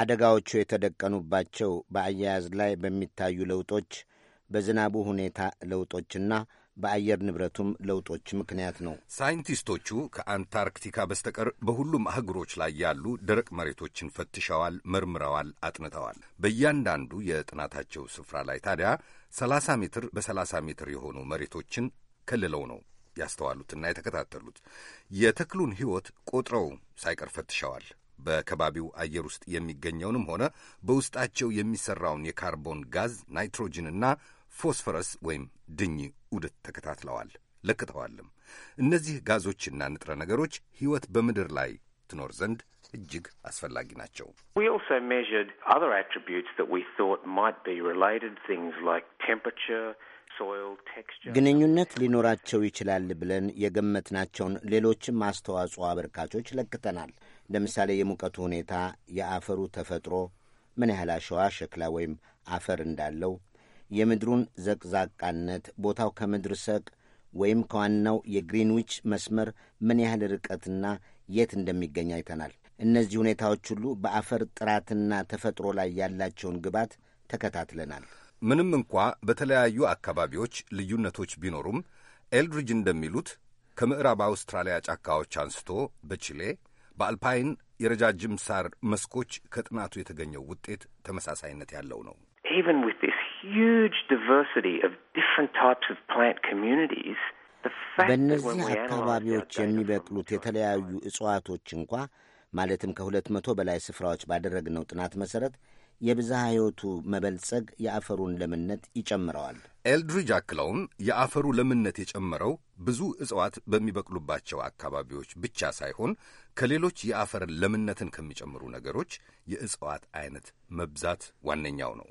[SPEAKER 15] አደጋዎቹ የተደቀኑባቸው በአያያዝ ላይ በሚታዩ ለውጦች፣ በዝናቡ ሁኔታ ለውጦችና በአየር ንብረቱም ለውጦች ምክንያት ነው።
[SPEAKER 1] ሳይንቲስቶቹ ከአንታርክቲካ በስተቀር በሁሉም አህጉሮች ላይ ያሉ ደረቅ መሬቶችን ፈትሸዋል፣ መርምረዋል፣ አጥንተዋል። በእያንዳንዱ የጥናታቸው ስፍራ ላይ ታዲያ 30 ሜትር በ30 ሜትር የሆኑ መሬቶችን ከልለው ነው ያስተዋሉትና የተከታተሉት። የተክሉን ሕይወት ቆጥረው ሳይቀር ፈትሸዋል። በከባቢው አየር ውስጥ የሚገኘውንም ሆነ በውስጣቸው የሚሰራውን የካርቦን ጋዝ፣ ናይትሮጅንና ፎስፈረስ ወይም ድኝ ዑደት ተከታትለዋል፣ ለክተዋልም። እነዚህ ጋዞችና ንጥረ ነገሮች ሕይወት በምድር ላይ ትኖር ዘንድ እጅግ አስፈላጊ ናቸው።
[SPEAKER 15] ግንኙነት ሊኖራቸው ይችላል ብለን የገመትናቸውን ሌሎችም አስተዋጽኦ አበርካቾች ለክተናል። ለምሳሌ የሙቀቱ ሁኔታ፣ የአፈሩ ተፈጥሮ፣ ምን ያህል አሸዋ፣ ሸክላ ወይም አፈር እንዳለው፣ የምድሩን ዘቅዛቃነት፣ ቦታው ከምድር ሰቅ ወይም ከዋናው የግሪንዊች መስመር ምን ያህል ርቀትና የት እንደሚገኝ አይተናል። እነዚህ ሁኔታዎች ሁሉ በአፈር ጥራትና ተፈጥሮ ላይ ያላቸውን ግባት ተከታትለናል።
[SPEAKER 1] ምንም እንኳ በተለያዩ አካባቢዎች ልዩነቶች ቢኖሩም ኤልድሪጅ እንደሚሉት ከምዕራብ አውስትራሊያ ጫካዎች አንስቶ በቺሌ በአልፓይን የረጃጅም ሳር መስኮች ከጥናቱ የተገኘው ውጤት ተመሳሳይነት ያለው ነው።
[SPEAKER 15] በእነዚህ አካባቢዎች የሚበቅሉት የተለያዩ እጽዋቶች እንኳ ማለትም ከሁለት መቶ በላይ ስፍራዎች ባደረግነው ጥናት መሠረት የብዝሃ ሕይወቱ መበልጸግ የአፈሩን ለምነት ይጨምረዋል።
[SPEAKER 1] ኤልድሪጅ አክለውም የአፈሩ ለምነት የጨመረው ብዙ እጽዋት በሚበቅሉባቸው አካባቢዎች ብቻ ሳይሆን ከሌሎች የአፈር ለምነትን ከሚጨምሩ ነገሮች የእጽዋት አይነት መብዛት ዋነኛው ነው።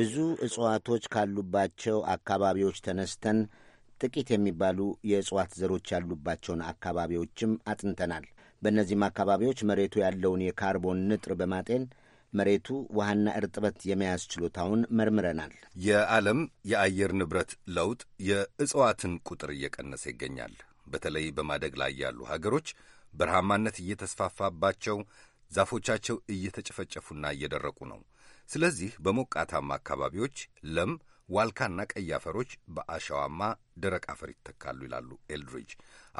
[SPEAKER 15] ብዙ እጽዋቶች ካሉባቸው አካባቢዎች ተነስተን ጥቂት የሚባሉ የእጽዋት ዘሮች ያሉባቸውን አካባቢዎችም አጥንተናል። በእነዚህም አካባቢዎች መሬቱ ያለውን የካርቦን ንጥር በማጤን መሬቱ ውሃና እርጥበት የመያዝ ችሎታውን መርምረናል።
[SPEAKER 1] የዓለም የአየር ንብረት ለውጥ የእጽዋትን ቁጥር እየቀነሰ ይገኛል። በተለይ በማደግ ላይ ያሉ ሀገሮች በረሃማነት እየተስፋፋባቸው፣ ዛፎቻቸው እየተጨፈጨፉና እየደረቁ ነው። ስለዚህ በሞቃታማ አካባቢዎች ለም ዋልካና ቀይ አፈሮች በአሸዋማ ደረቅ አፈር ይተካሉ ይላሉ ኤልድሪጅ።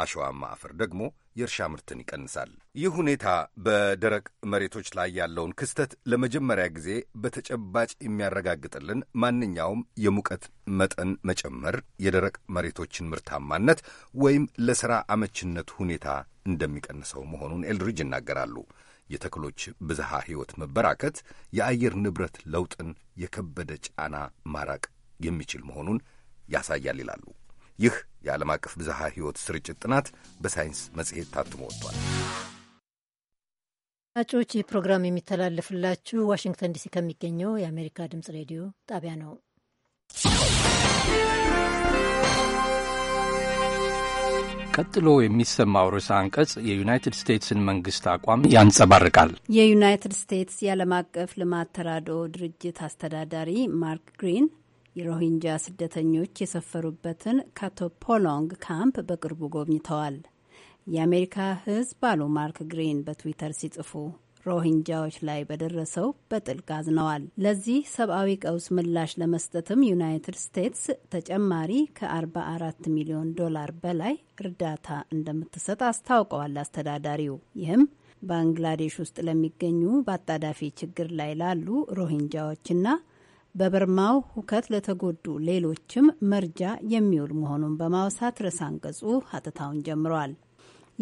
[SPEAKER 1] አሸዋማ አፈር ደግሞ የእርሻ ምርትን ይቀንሳል። ይህ ሁኔታ በደረቅ መሬቶች ላይ ያለውን ክስተት ለመጀመሪያ ጊዜ በተጨባጭ የሚያረጋግጥልን ማንኛውም የሙቀት መጠን መጨመር የደረቅ መሬቶችን ምርታማነት ወይም ለሥራ አመችነት ሁኔታ እንደሚቀንሰው መሆኑን ኤልድሪጅ ይናገራሉ። የተክሎች ብዝሃ ሕይወት መበራከት የአየር ንብረት ለውጥን የከበደ ጫና ማራቅ የሚችል መሆኑን ያሳያል ይላሉ። ይህ የዓለም አቀፍ ብዝሃ ሕይወት ስርጭት ጥናት በሳይንስ መጽሔት ታትሞ ወጥቷል።
[SPEAKER 2] አድማጮች፣ ይህ ፕሮግራም የሚተላለፍላችሁ ዋሽንግተን ዲሲ ከሚገኘው የአሜሪካ ድምፅ ሬዲዮ ጣቢያ ነው።
[SPEAKER 6] ቀጥሎ የሚሰማው ርዕሰ አንቀጽ የዩናይትድ ስቴትስን መንግስት አቋም ያንጸባርቃል።
[SPEAKER 8] የዩናይትድ ስቴትስ የዓለም አቀፍ ልማት ተራድኦ ድርጅት አስተዳዳሪ ማርክ ግሪን የሮሂንጃ ስደተኞች የሰፈሩበትን ካቶፖሎንግ ካምፕ በቅርቡ ጎብኝተዋል። የአሜሪካ ሕዝብ አሉ ማርክ ግሪን በትዊተር ሲጽፉ ሮሂንጃዎች ላይ በደረሰው በጥልቅ አዝነዋል። ለዚህ ሰብአዊ ቀውስ ምላሽ ለመስጠትም ዩናይትድ ስቴትስ ተጨማሪ ከ44 ሚሊዮን ዶላር በላይ እርዳታ እንደምትሰጥ አስታውቀዋል አስተዳዳሪው። ይህም ባንግላዴሽ ውስጥ ለሚገኙ በአጣዳፊ ችግር ላይ ላሉ ሮሂንጃዎችና በበርማው ሁከት ለተጎዱ ሌሎችም መርጃ የሚውል መሆኑን በማውሳት ርዕሰ አንቀጹ ሀተታውን ጀምረዋል።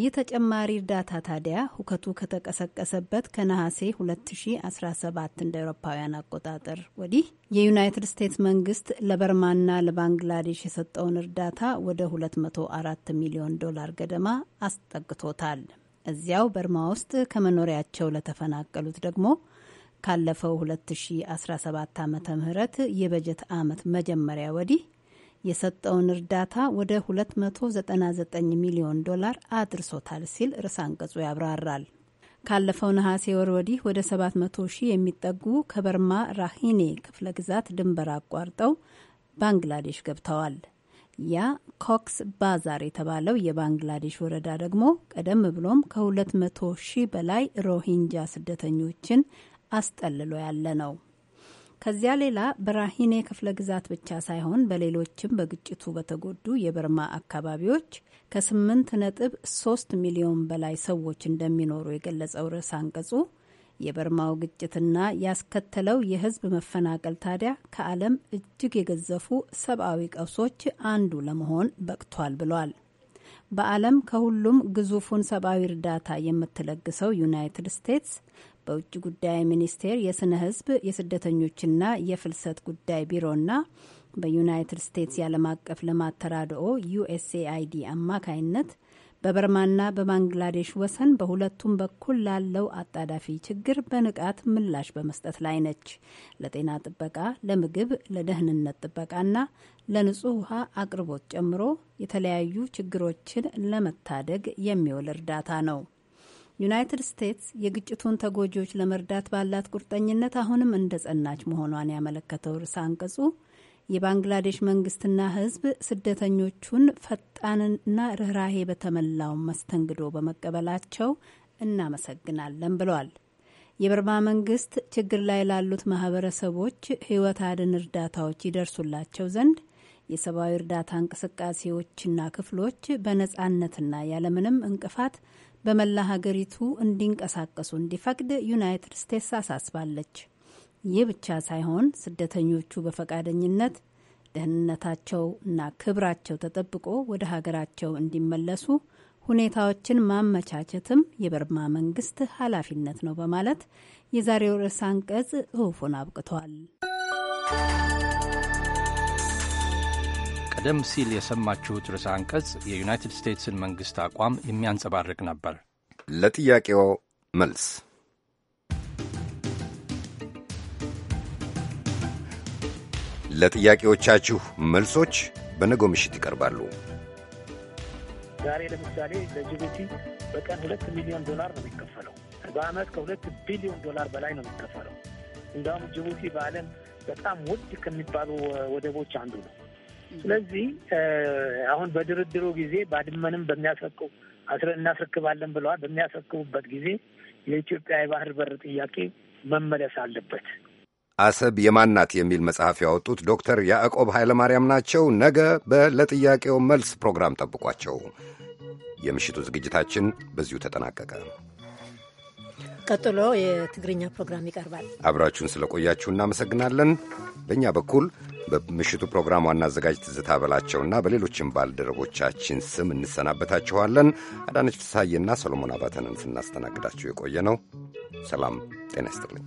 [SPEAKER 8] ይህ ተጨማሪ እርዳታ ታዲያ ሁከቱ ከተቀሰቀሰበት ከነሐሴ 2017 እንደ አውሮፓውያን አቆጣጠር ወዲህ የዩናይትድ ስቴትስ መንግስት ለበርማና ለባንግላዴሽ የሰጠውን እርዳታ ወደ 204 ሚሊዮን ዶላር ገደማ አስጠግቶታል። እዚያው በርማ ውስጥ ከመኖሪያቸው ለተፈናቀሉት ደግሞ ካለፈው 2017 ዓ ም የበጀት ዓመት መጀመሪያ ወዲህ የሰጠውን እርዳታ ወደ 299 ሚሊዮን ዶላር አድርሶታል ሲል ርዕሰ አንቀጹ ያብራራል። ካለፈው ነሐሴ ወር ወዲህ ወደ 700 ሺህ የሚጠጉ ከበርማ ራሂኔ ክፍለ ግዛት ድንበር አቋርጠው ባንግላዴሽ ገብተዋል። ያ ኮክስ ባዛር የተባለው የባንግላዴሽ ወረዳ ደግሞ ቀደም ብሎም ከ200 ሺህ በላይ ሮሂንጃ ስደተኞችን አስጠልሎ ያለ ነው። ከዚያ ሌላ በራሂኔ ክፍለ ግዛት ብቻ ሳይሆን በሌሎችም በግጭቱ በተጎዱ የበርማ አካባቢዎች ከስምንት ነጥብ ሶስት ሚሊዮን በላይ ሰዎች እንደሚኖሩ የገለጸው ርዕስ አንቀጹ የበርማው ግጭትና ያስከተለው የሕዝብ መፈናቀል ታዲያ ከዓለም እጅግ የገዘፉ ሰብአዊ ቀውሶች አንዱ ለመሆን በቅቷል ብሏል። በዓለም ከሁሉም ግዙፉን ሰብአዊ እርዳታ የምትለግሰው ዩናይትድ ስቴትስ በውጭ ጉዳይ ሚኒስቴር የስነ ህዝብ የስደተኞችና የፍልሰት ጉዳይ ቢሮና በዩናይትድ ስቴትስ የዓለም አቀፍ ልማት ተራድኦ ዩኤስኤአይዲ አማካይነት በበርማና በባንግላዴሽ ወሰን በሁለቱም በኩል ላለው አጣዳፊ ችግር በንቃት ምላሽ በመስጠት ላይ ነች። ለጤና ጥበቃ፣ ለምግብ፣ ለደህንነት ጥበቃና ለንጹህ ውሃ አቅርቦት ጨምሮ የተለያዩ ችግሮችን ለመታደግ የሚውል እርዳታ ነው። ዩናይትድ ስቴትስ የግጭቱን ተጎጂዎች ለመርዳት ባላት ቁርጠኝነት አሁንም እንደ ጸናች መሆኗን ያመለከተው ርዕሰ አንቀጹ የባንግላዴሽ መንግስትና ሕዝብ ስደተኞቹን ፈጣንና ርኅራሄ በተመላው መስተንግዶ በመቀበላቸው እናመሰግናለን ብለዋል። የበርማ መንግስት ችግር ላይ ላሉት ማህበረሰቦች ህይወት አድን እርዳታዎች ይደርሱላቸው ዘንድ የሰብአዊ እርዳታ እንቅስቃሴዎችና ክፍሎች በነጻነትና ያለምንም እንቅፋት በመላ ሀገሪቱ እንዲንቀሳቀሱ እንዲፈቅድ ዩናይትድ ስቴትስ አሳስባለች። ይህ ብቻ ሳይሆን ስደተኞቹ በፈቃደኝነት ደህንነታቸው እና ክብራቸው ተጠብቆ ወደ ሀገራቸው እንዲመለሱ ሁኔታዎችን ማመቻቸትም የበርማ መንግስት ኃላፊነት ነው በማለት የዛሬው ርዕስ አንቀጽ ጽሑፉን አብቅቷል።
[SPEAKER 6] ቀደም ሲል የሰማችሁት ርዕሰ አንቀጽ የዩናይትድ ስቴትስን መንግሥት አቋም የሚያንጸባርቅ ነበር።
[SPEAKER 1] ለጥያቄው መልስ ለጥያቄዎቻችሁ መልሶች በነገው ምሽት ይቀርባሉ።
[SPEAKER 9] ዛሬ ለምሳሌ ለጅቡቲ በቀን ሁለት ሚሊዮን ዶላር ነው የሚከፈለው። በአመት ከሁለት ቢሊዮን ዶላር በላይ ነው የሚከፈለው። እንዲሁም ጅቡቲ በዓለም በጣም ውድ ከሚባሉ ወደቦች አንዱ ነው። ስለዚህ አሁን በድርድሩ ጊዜ ባድመንም በሚያስረክቡ እናስረክባለን ብለዋል። በሚያስረክቡበት ጊዜ የኢትዮጵያ የባህር በር ጥያቄ መመለስ አለበት።
[SPEAKER 1] አሰብ የማናት የሚል መጽሐፍ ያወጡት ዶክተር ያዕቆብ ኃይለማርያም ናቸው። ነገ በለጥያቄው መልስ ፕሮግራም ጠብቋቸው። የምሽቱ ዝግጅታችን በዚሁ ተጠናቀቀ።
[SPEAKER 2] ቀጥሎ የትግርኛ ፕሮግራም ይቀርባል።
[SPEAKER 1] አብራችሁን ስለቆያችሁ እናመሰግናለን። በእኛ በኩል በምሽቱ ፕሮግራም ዋና አዘጋጅ ትዝታ በላቸውና በሌሎችም ባልደረቦቻችን ስም እንሰናበታችኋለን። አዳነች ፍሳሐዬና ሰሎሞን አባተንን ስናስተናግዳችሁ የቆየ ነው። ሰላም ጤና ይስጥልኝ።